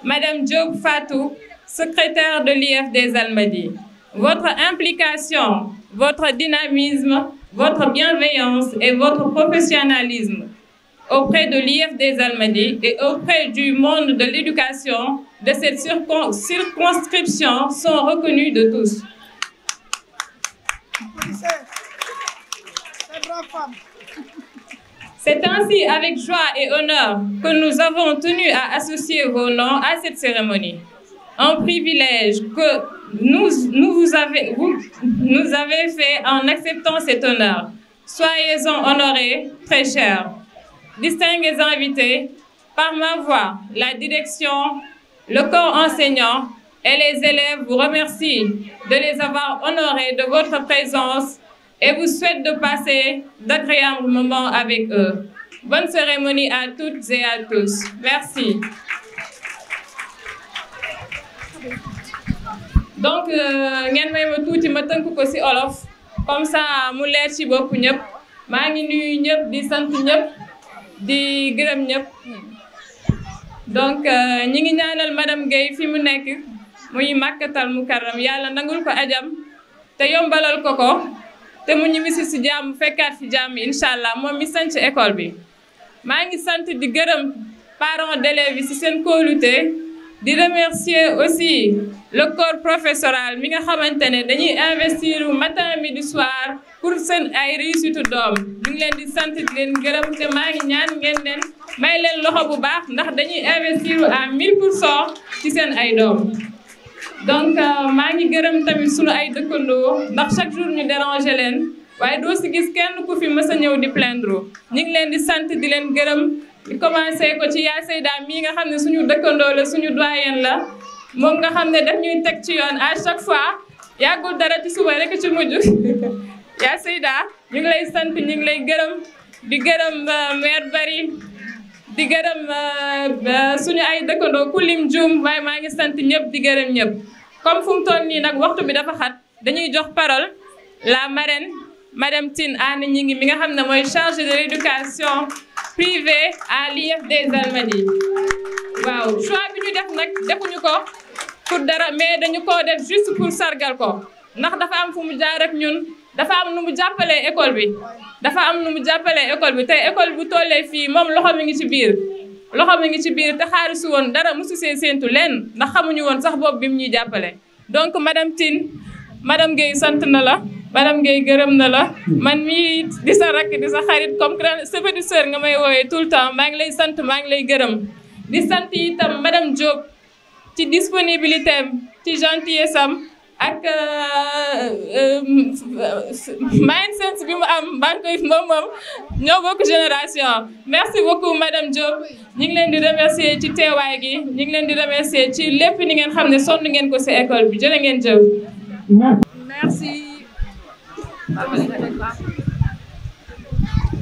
Madame Job Fatou, secrétaire de l'IF des Almadies. Votre implication, votre dynamisme votre bienveillance et votre professionnalisme auprès de l'IF des et auprès du monde de l'éducation de cette circonscription sont reconnus de tous. C'est ainsi avec joie et honneur que nous avons tenu à associer vos noms à cette cérémonie un privilège que nous, nous vous, avez, nous avez fait en acceptant cet honneur. Soyez-en honorés, très chers. Distingués invités, par ma voix, la direction, le corps enseignant et les élèves vous remercient de les avoir honorés de votre présence et vous souhaitent de passer d'agréables moments avec eux. Bonne cérémonie à toutes et à tous. Merci. donc euh, ngeen may ma tuuti ma tënk ko ci olof comme ça mu leer ci bopp ñëpp maa ngi nuyu ñëpp di sant ñëpp di gërëm ñëpp donc euh, ñi ngi ñaanal madame Guèye fi mu nekk muy màkkatal mu karam yàlla nangul ko ajam te yombalal ko ko te mu ñibbisi ci jàmm fekkaat fi jàmm incha allah moom mi sanc école bi maa ngi sant di gërëm parents d'élèves yi ci seen kóolute di remercier aussi le corps professoral mi nga xamante ne dañuy investir matin di soir pour seen ay réussite doom ñu ngi leen di sant di leen gërëm te maa ngi ñaan ngeen leen may leen loxo bu baax ndax dañuy investir à 1000 pour cent ci seen ay doom. donc euh, maa ngi gërëm tamit sunu ay dëkkandoo ndax chaque jour ñu déranger leen waaye doo si gis kenn ku fi mës a ñëw di plaindre ñu ngi leen di sant di leen gërëm. commencé ko ci yaa Seyda mii nga xam ne suñu dëkkandoo la suñu doyen la moom nga xam ne daf ñuy teg ci yoon à chaque fois yàggul dara ci suba rek ci mujj <laughs> yaa Seyda ñu ngi lay sant ñu ngi lay gërëm di gërëm euh, maire Bari di gërëm euh, euh, suñu ay dëkkandoo ku lim juum waaye maa ngi sant ñëpp di gërëm ñëpp comme fu mu toll nii nag waxtu bi dafa xat dañuy jox parole la marraine madame Tine Anne ñi ngi mi nga xam ne mooy chargée de l'éducation privés à l'IF des Almadies waaw choix bi ñu def nag defuñu ko pour dara mais dañu koo def juste pour sargal ko ndax dafa am fu mu jaar ak ñun dafa am nu mu jàppalee école bi dafa am nu mu jàppale école bi te école bu tollee fii moom loxo mi ngi ci biir loxo mu ngi ci biir te xaarisu woon dara mosu see séentu leen ndax xamuñu woon sax boobu bi mu ñuy jàppale donc madame Tine madame Guèye sant na la madame Guèye gërëm na la man mii di sa rakk di sa xarit comme que sa sœur nga may woowee tout le temps maa ngi lay sant maa ngi lay gërëm di sant itam madame Diop ci disponibilité am ci gentillesse am ak euh, euh, mind sense bi mu am maa ngi koy moom moom ñoo bokk génération merci beaucoup madame Diop ñu ngi leen di remercier ci teewaay gi ñu ngi leen di remercier ci lépp ni ngeen xam ne sonn ngeen ko si école bi jërë ngeen jëf merci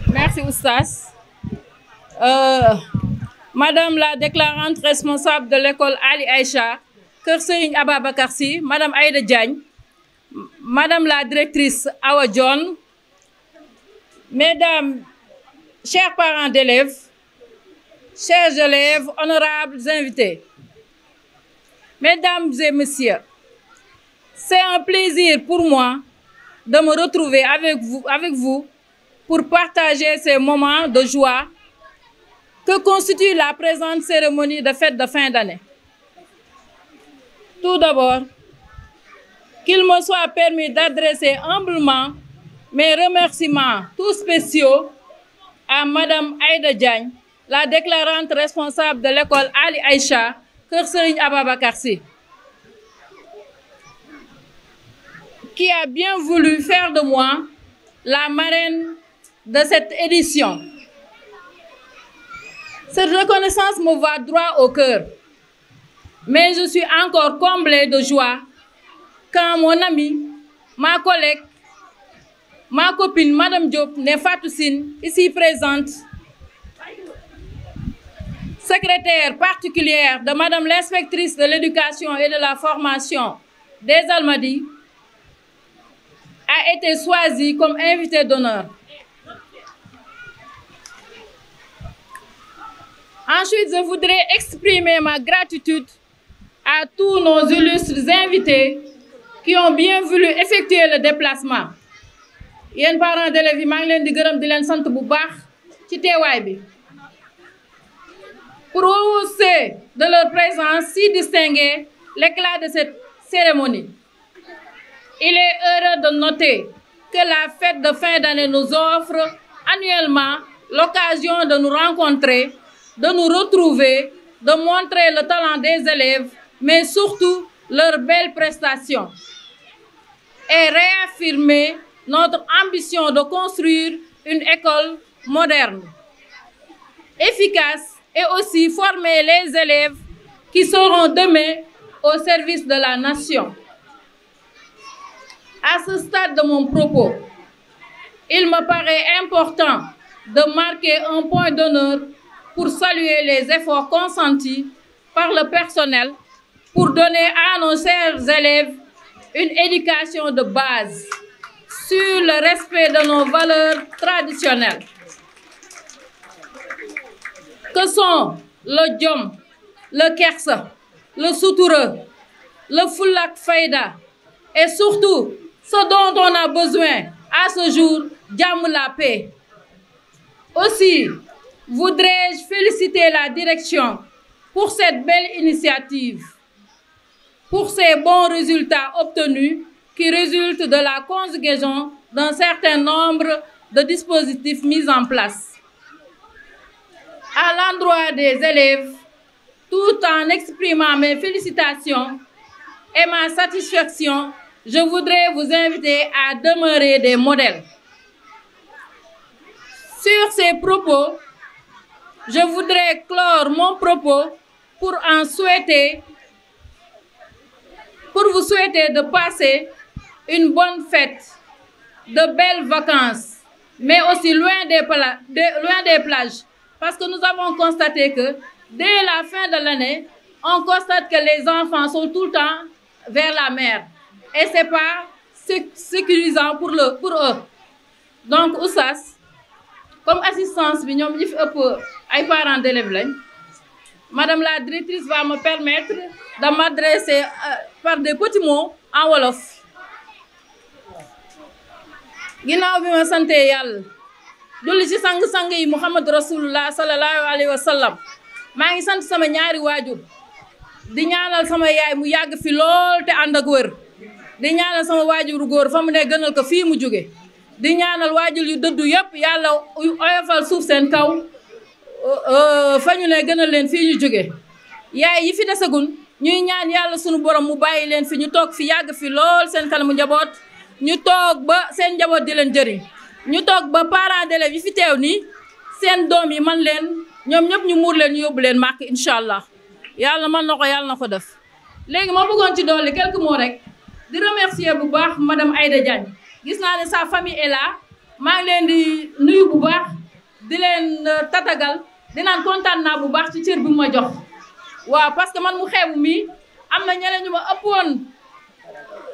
Merci, Oustas. Euh, madame la déclarante responsable de l'école Ali Aïcha, Ababa Ababakarsi, Madame Aïda Diagne, Madame la directrice Awa John, Mesdames, chers parents d'élèves, chers élèves, honorables invités, Mesdames et Messieurs, c'est un plaisir pour moi de me retrouver avec vous, avec vous pour partager ces moments de joie que constitue la présente cérémonie de fête de fin d'année. Tout d'abord, qu'il me soit permis d'adresser humblement mes remerciements tout spéciaux à Madame Aïda Diagne, la déclarante responsable de l'école Ali Aïcha, Kersering Ababakarsi. qui a bien voulu faire de moi la marraine de cette édition. Cette reconnaissance me va droit au cœur, mais je suis encore comblée de joie quand mon ami, ma collègue, ma copine Madame Diop Nefatoussine, ici présente, secrétaire particulière de Madame l'inspectrice de l'éducation et de la formation des Almadies, a été choisi comme invité d'honneur. Ensuite, je voudrais exprimer ma gratitude à tous nos illustres invités qui ont bien voulu effectuer le déplacement. Il y a Pour hausser de leur présence si distinguée l'éclat de cette cérémonie. Il est heureux de noter que la fête de fin d'année nous offre annuellement l'occasion de nous rencontrer, de nous retrouver, de montrer le talent des élèves, mais surtout leurs belles prestations. Et réaffirmer notre ambition de construire une école moderne, efficace et aussi former les élèves qui seront demain au service de la nation. À ce stade de mon propos, il me paraît important de marquer un point d'honneur pour saluer les efforts consentis par le personnel pour donner à nos chers élèves une éducation de base sur le respect de nos valeurs traditionnelles, que sont le djom, le kersa, le soutoureux, le foulak faïda et surtout ce dont on a besoin à ce jour, j'aime la paix. Aussi, voudrais-je féliciter la direction pour cette belle initiative, pour ces bons résultats obtenus qui résultent de la conjugaison d'un certain nombre de dispositifs mis en place. À l'endroit des élèves, tout en exprimant mes félicitations et ma satisfaction je voudrais vous inviter à demeurer des modèles. Sur ces propos, je voudrais clore mon propos pour en souhaiter, pour vous souhaiter de passer une bonne fête, de belles vacances, mais aussi loin des, loin des plages. Parce que nous avons constaté que dès la fin de l'année, on constate que les enfants sont tout le temps vers la mer et c'est pas sécurisant pour le pour eux donc Oussas, comme assistance bi ñoom ñi fi ëpp ay parents d'élèves lañ madame la directrice va me permettre de m'adresser euh, par des petits mots en wolof ginnaaw bi ma sante yàlla julli ci sang-sang yi mouhamadou rasulullah sallallahu alayhi wa sallam maa ngi sant sama ñaari waajur di ñaanal sama yaay mu yàgg fi lool te ànd ak wër di ñaanal sama waajuru góor fa mu ne gënal ko fii mu jóge di ñaanal waajur yu dëddu yëpp yàlla oyofal suuf seen kaw euh, euh, fañu ne gënal leen fii ñu jóge yaay yi fi desagun ñuy ñaan yàlla sunu borom mu bàyyi leen fi ñu toog fi yàgg fi lool seen kanamu njaboot ñu toog ba seen njaboot di leen jëriñ ñu toog ba parents d'élèves yi fi teew nii seen doom yi man leen ñoom ñëpp ñu muur leen ñu yóbbu leen màkk incha allah yàlla man na ko yàlla na ko def léegi moo bëggoon ci dolli quelques mots rek di remercier bu baax ma dem Aïda Diagne gis naa ne saa famille est là maa ngi leen di nuyu bu baax di leen euh, tatagal dinaan kontaan naa bu baax ci cër bi mu ma jox. waaw parce que man mu xeebu mii am na ñeneen ñu ma ëpp woon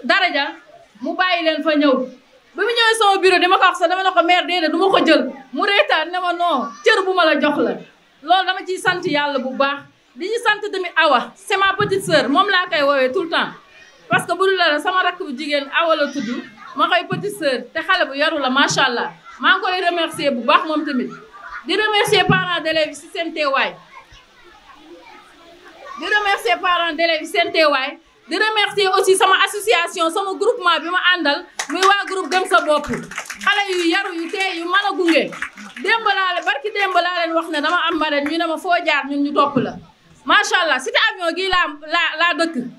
daraja mu bàyyi leen fa ñëw bi mu ñëwee sama bureau ma ko wax sax dama ne ko maire déedéet du ma ko jël mu reetaan ne ma non cër bu ma la jox la loolu dama ciy sant yàlla bu baax di ñu sant tamit Awa c'est ma petite sœur moom laa koy woowee tout le temps. parce que bu dul la sama rakk bu jigéen Awa la tudd ma koy petite sœur te xale bu yaru la macha allah maa ngi koy remercier bu baax moom tamit di remercier parents d'élèves si seen teewaay. di remercier parents d'élèves si seen teewaay di remercier aussi sama association sama groupement bi ma àndal muy waa groupe gëm sa bopp xale yu yaru yu tee yu mën a gunge démb laa leen barki démb laa leen wax ne dama am marraine ñu ne foo jaar ñun ñu topp la macha allah cité avion gi laa laa laa dëkk.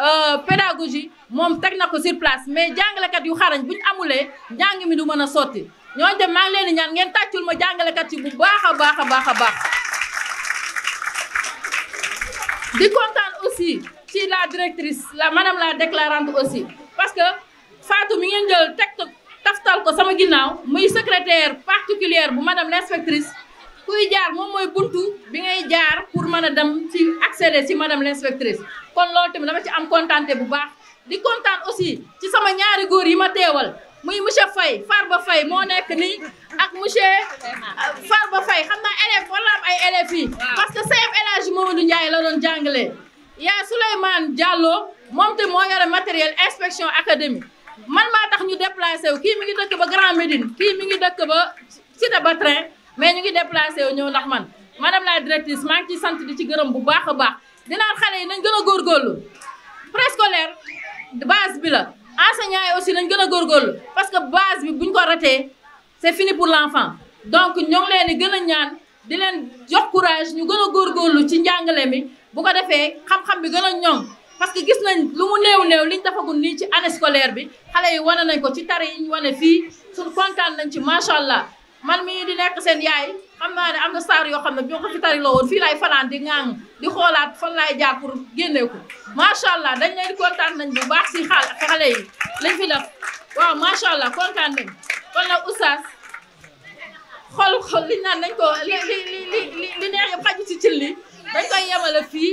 Euh, pédagogie mom tek nako sur place mais kat yu xarañ buñ amulé jang mi du mëna soti ñoo dem ma ngi leen ñaan ngeen tàccul ma kat ci bu baaxa baaxa baaxa baax di contane aussi ci la directrice la madame la déclarante aussi parce que Fatou mi ngeen jël tek taftal ko sama ginnaw muy secrétaire particulière bu madame l'inspectrice kuy jaar mom moy buntu bi ngay jaar pour meuna dem ci accéder ci madame l'inspectrice kon loolu tamit dama ci am contenté bu baax di kontaan aussi ci sama ñaari goor yi ma teewal muy monsieur Faye Farba fay mo nek ni ak monsieur euh, Farba Faye xam naa élève wala ay élève yi parce que CF El momadou Mamadou Ndiaye la doon jangalé ya Souleymane Diallo mom té mo yoré matériel inspection académie man ma tax ñu déplacer ki mi ngi dëkk ba Grand Médine ki mi ngi dëkk ba Cité batrain mais ñu ngi déplacé wu ñëw ndax man madame la directrice maa ngi ciy sant di ci gërëm bu baax a baax dinaan xale yi nañ gën a góorgóorlu préscolaire base bi la enseignants yi aussi nañ gën a góorgóorlu parce que base bi bu buñ ko ratee c'est fini pour l'enfant donc ñoo ngi leen di gën a ñaan di leen jox courage ñu gën a góorgóorlu ci njàngale mi bu ko defee xam-xam bi gën a ñoŋ parce que gis nañ lu mu néew néew liñ defagul nii ci année scolaire bi xale yi wane nañ ko ci tari yi ñu wane fii suñu kontaan nañ ci macha allah man mi di nek sen yaay xam naa amna am yo saar ñoko fi tari lo won fi lay woon di ngang di xolaat fan lay jaar pour génne ko sha allah dañ lay di contane nañ bu baax si xaal xalé yi lañ fi def waaw sha allah contane nañ kon la oustaz xol xol li naan nañ ko li li li li li neex yëpp xaju ci cilli dañ koy yemale fi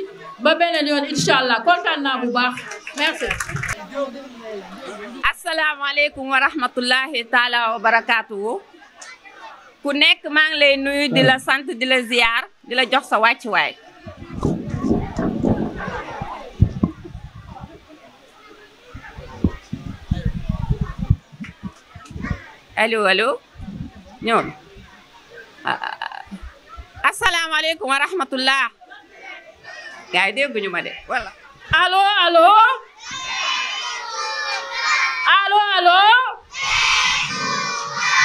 ba benen yoon insha allah contane na bu baax merci. alaykum wa rahmatullahi taala wa barakatuh ku nek maa ngi lay nuyu di la sante di la ziar di la jox sa way allo allo assalamu ah, alaykum wa rahmatullah gaay dégguñu ma de wala allo allo allo allo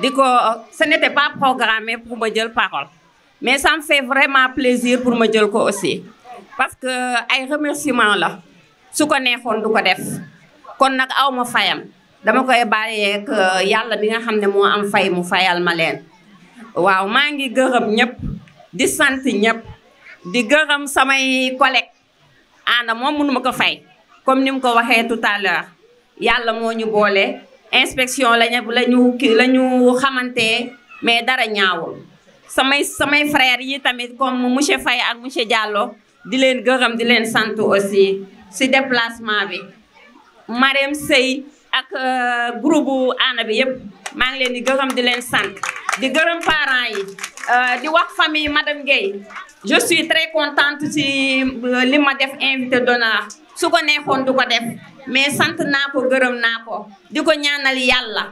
di ce n'était pas programmé pour me dire parole mais ça me fait vraiment plaisir pour me dire ko aussi parce que ay remerciement là, su ko neexoon du ko def kon nak awma fayam dama koy ak euh, yalla bi nga xam mo am fay mu fayal ma waaw ma ngi geureum ñep di sant ñep di gërëm samay collègue ana mo mënu ma ko fay comme ni ko waxé tout à l'heure yalla mo ñu bolé inspection lañu lañu kii lañu xamante mais dara ñaawul samay samay frères yi tamit comme monsieur Faye ak monsieur Diallo di leen gërëm di leen sant aussi si déplacement bi Marème Sey ak euh, groupe ana bi yëpp maa ngi leen di gërëm di leen sant di gërëm parents yi euh, di wax famille madame Guèye je suis très contente si euh, li ma def invité d'honneur su ko neexoon du ko def mais sant naa ko gërëm naa ko di ko ñaanal yàlla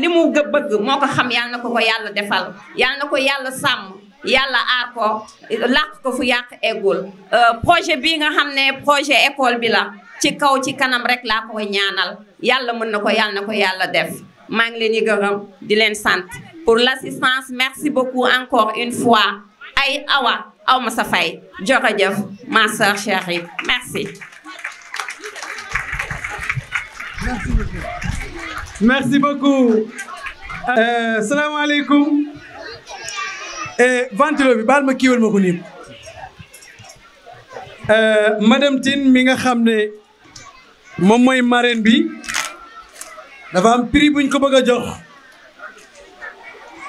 li mu bëgg moo ko xam yàlla na ko ko yàlla defal yàlla na ko yàlla sàmm yàlla aar ko làq ko fu yàq eggul euh, projet bi nga xam ne projet école bi la ci kaw ci kanam rek laa ko ñaanal yàlla mën na ko yàlla na ko yàlla def maa ngi leen di gërëm di leen sant pour l'assistance merci beaucoup encore une fois ay awa awma ma sa fay jërëjëf ma sœur chérie merci. merci beaucoup. Euh, salaamaaleykum. ventilo bi baal ma kiiwal ma ko nii. Euh, madame tin mi nga xamné mom moy marraine bi dafa am prix buñ ko bëgg jox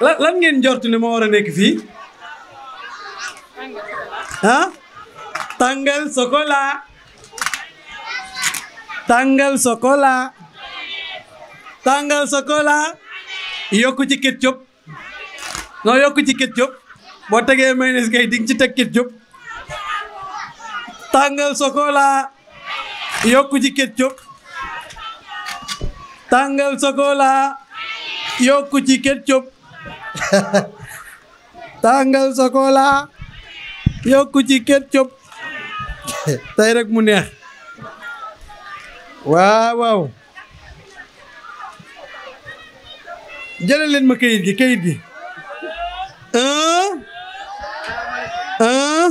lan ngeen jortu ni mo wara nek fi तंगल सोकोला तंगल सोकोला तंगल सोकोला योक ticket चुप नो योक टिकट चुप बट गे मैं इसके डिंच टिकट चुप तंगल सोकोला योक टिकट चुप तंगल सोकोला योक टिकट चुप तंगल सोकोला yokku ci ket cop tey rek mu neex waaw waaw jëlee leen ma kayit gi kayit gi un un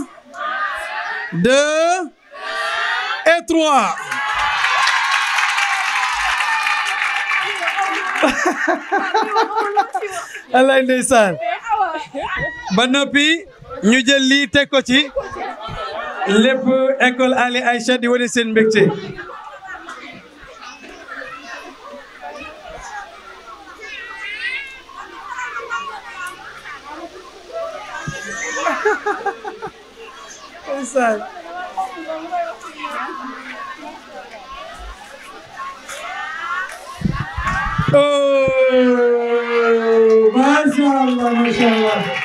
deux et trois <laughs> alay ndeysaan ba noppi ñu jël lii teg ko ci lépp école Ali Aïcha di wane seen mbégte oh Masha allah Masha allah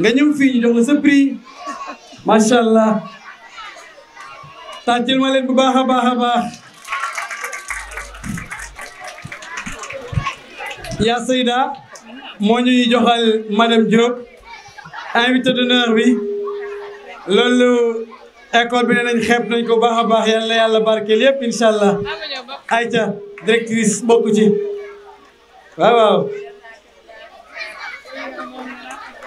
nga ñëw fii ñu jox la sa prix macha allah tàcceel ma bu baax a baax a baax ya Seyda moo ñuy joxal madame Diop invité d'honneur bi loolu école bi ne nañ xeeb nañ ko baax a baax yàlla yàlla barkeel yépp incha allah ayca directrice bokk ci waaw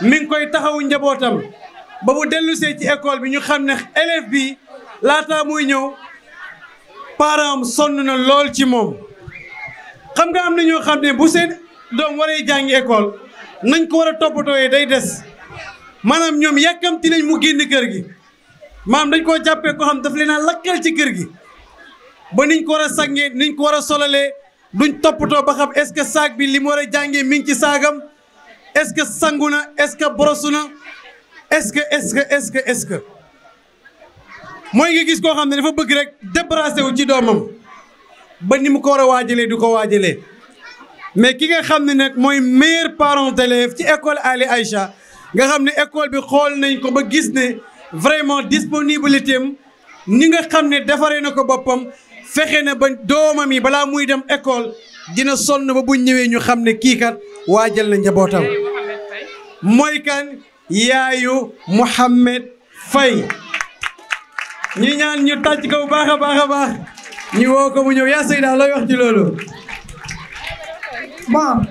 mi ngi koy taxawu njabootam ba bu dellusee ci école bi ñu xam ne élève bi laataa muy ñëw parent am sonn na lool ci moom xam nga am na ñoo xam ne bu seen doom waree jàngi école nañ ko war a toppatooyee day des maanaam ñoom yàkkamti nañ mu génn kër gi maam dañ koo jàppee ko xam daf leen a lakkal ci kër gi ba niñ ko war a sàngee niñ ko war a solalee duñ toppatoo ba xam est-ce que saag bi li mu war a jàngee mi ci saagam est-ce que sangu na est-ce que borosu na est-ce que est-ce que est-ce que est-ce que mooy nga gis koo xam ne dafa bëgg rek débarrassé wu ci doomam ba ni mu ko war a waajalee du ko waajalee mais ki nga xam ne nag mooy meilleur parent d'élève ci école Ali Aïcha nga xam ne école bi xool nañ ko ba gis ne vraiment disponibilité am ni nga xam ne defaree na ko boppam fexe na ba doomam yi balaa muy dem école dina sonn ba bu ñëwee ñu xam ne kii kat waajal na njabootam. mooy kan yaayu Mouhamed Faye ñu ñaan ñu tàcc ko bu baax a baax a baax ñu woo ko mu ñëw yaa Seyda looy wax ci loolu. bon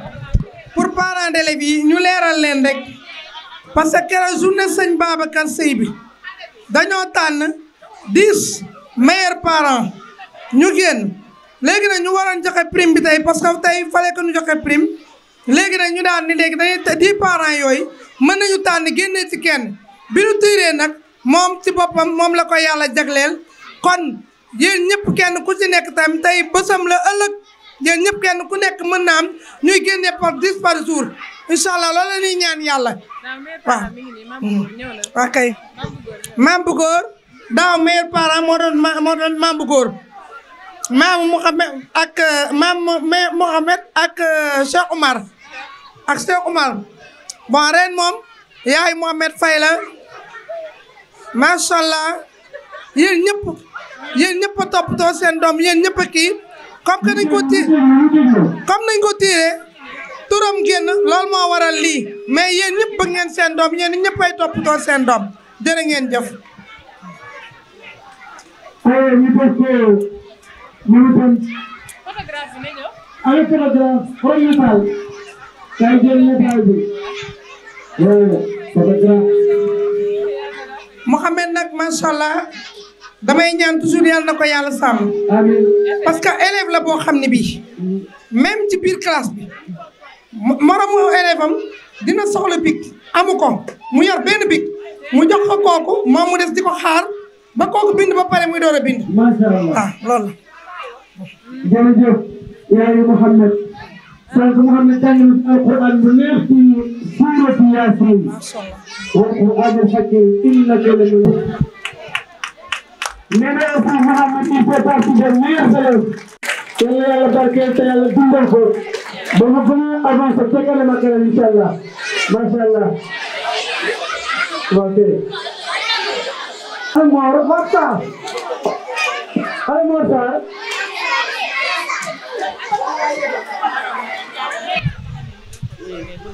pour parents d'élèves yi ñu leeral leen rek parce que keroog journée sëñ Babacar Seye bi dañoo tànn dix meilleurs parents ñu génn léegi nag ñu waroon joxe prime bi tey parce que tey fallait que ñu joxe prime. léegi nag ñu daal ni léegi dañuy di parents yooyu mën nañu tànn génne ci kenn bi ñu tiiree nag moom ci boppam moom la ko yàlla jagleel kon yéen ñëpp kenn ku ci nekk tam tey bësam la ëllëg yéen ñëpp kenn ku nekk mën na am ñuy génne par dix par jour incha la ñuy ñaan yàlla waaw ok maam bu daaw meilleur parent moo doon moo doon maam bu maam Mohamed ak maam Mohamed ak Cheikh Omar ak Cheikh Omar bo ren mom yaay Mohamed Faye la sha allah yeen nyep yeen ñëpp top to sen dom yeen ñëpp a comme que nañ ko ti comme nañ ko tire turam genn lool mo waral li mais yeen ñëpp bëgg ngeen sen dom yéen ñëpp ay to sen dom jërë ngeen jëf. moom itam. photographe nag macha damay ñaan toujours yàlla na ko yàlla sàmm. parce que élève la boo xam ne bi même ci biir classe bi. moromu élève am dina soxla bic amu ko mu yor benn bic mu jox ko kooku moom mu des di ko xaar ba kooku bind ba pare muy door a bind. macha jërëjëf yaayu Muhammad sànq Muhammad jàngal alquran bu neex ci suuratu Yaasin wal qur'aanil hakiim innaka lamajnuun nee na sànq Muhammad il fait partie des meilleurs élèves yàlla yàlla barkeel te yàlla dundal ko ba mu gën a avancer ca kanam ak kanam incha allah macha allah ok Mor Mor Sarr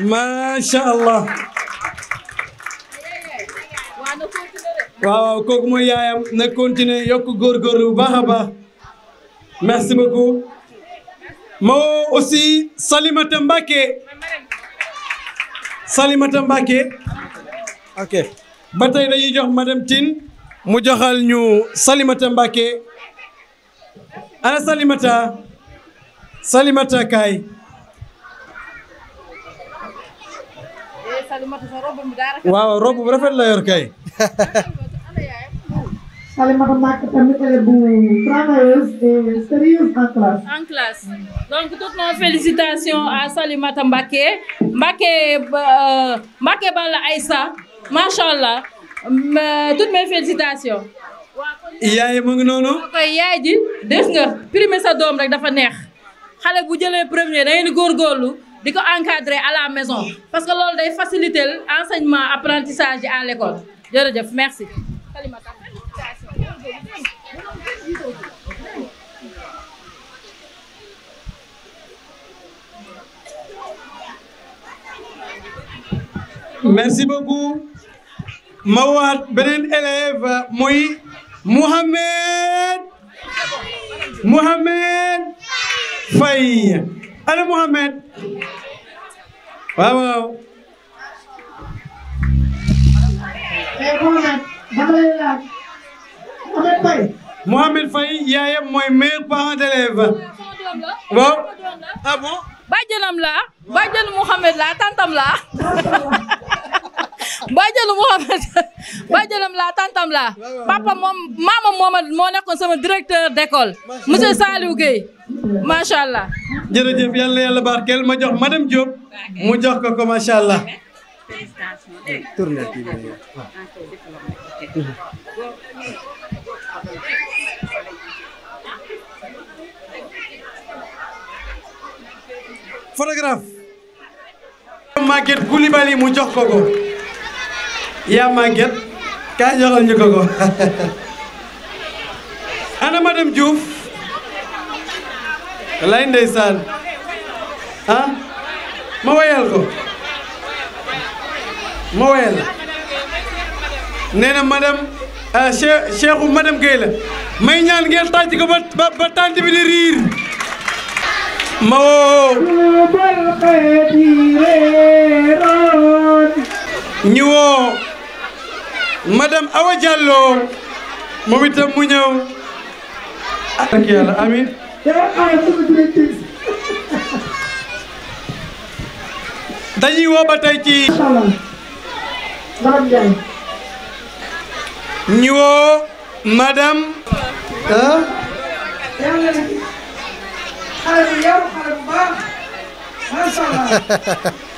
macha allah waaw kooku mooy yaayam na continuer yokk góorgóorlu bu baax a baax merci beaucoup moo aussi Salimata Mbacke Salimata Mbacke ok ba tey jox madame Tine mu joxal ñu Salimata Mbacke ana Salimata Salimata kaay waaw robe bu rafet la yor kay. Salimata Mbacké tamit bu travailleuse et sérieuse en classe. en classe donc toutes nos félicitations à Salimata Mbacké Mbake, euh, ban la Aïssa macha allah euh, toutes mes félicitations. yaay mu ngi noonu. koy yaay ji des nga primer sa doom rek dafa neex xale bu jëlee premier da ngeen di góorgóorlu di encadrer à la maison parce que l'on day faciliter lenseignement apprentissage à l'école vous merci. merci beaucoup je suis élève Mohamed Mohamed Faye. Allez Mohamed Bravo Mohamed, Mohamed, Mohamed Faye. Mouhamed Faye meilleur parent d'élève. ah bon. je la Mohamed, Mohamed là tantam là. <laughs> bàjjenu Mouhamed <laughs> bàjjenam laa tantam laa papa moom maama Mouhamed moo sama directeur d'école monsieur Saliou Guèye macha allah. jërëjëf yal na yàlla barkeel ma jox madame Diop mu jox ko ko macha allah. photographe. Maguette Koulibaly mu jox ko. yaa màgget kaa joxal ñu ko <laughs> ana madame Diouf lay ndeysaan ah ma woyal ko ma woyal nee na madame euh, Cheikh Cheikhu madame may ñaan ngeen tàcc ko ba ba tànt bi riir ma woo ñu woo madame Awa Diallo moom itam mu ñëw. ak yàlla woo ba tey ci. woo madame. <laughs>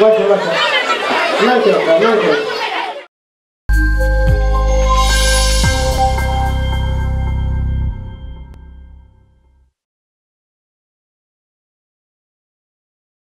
泣いてる泣いてるて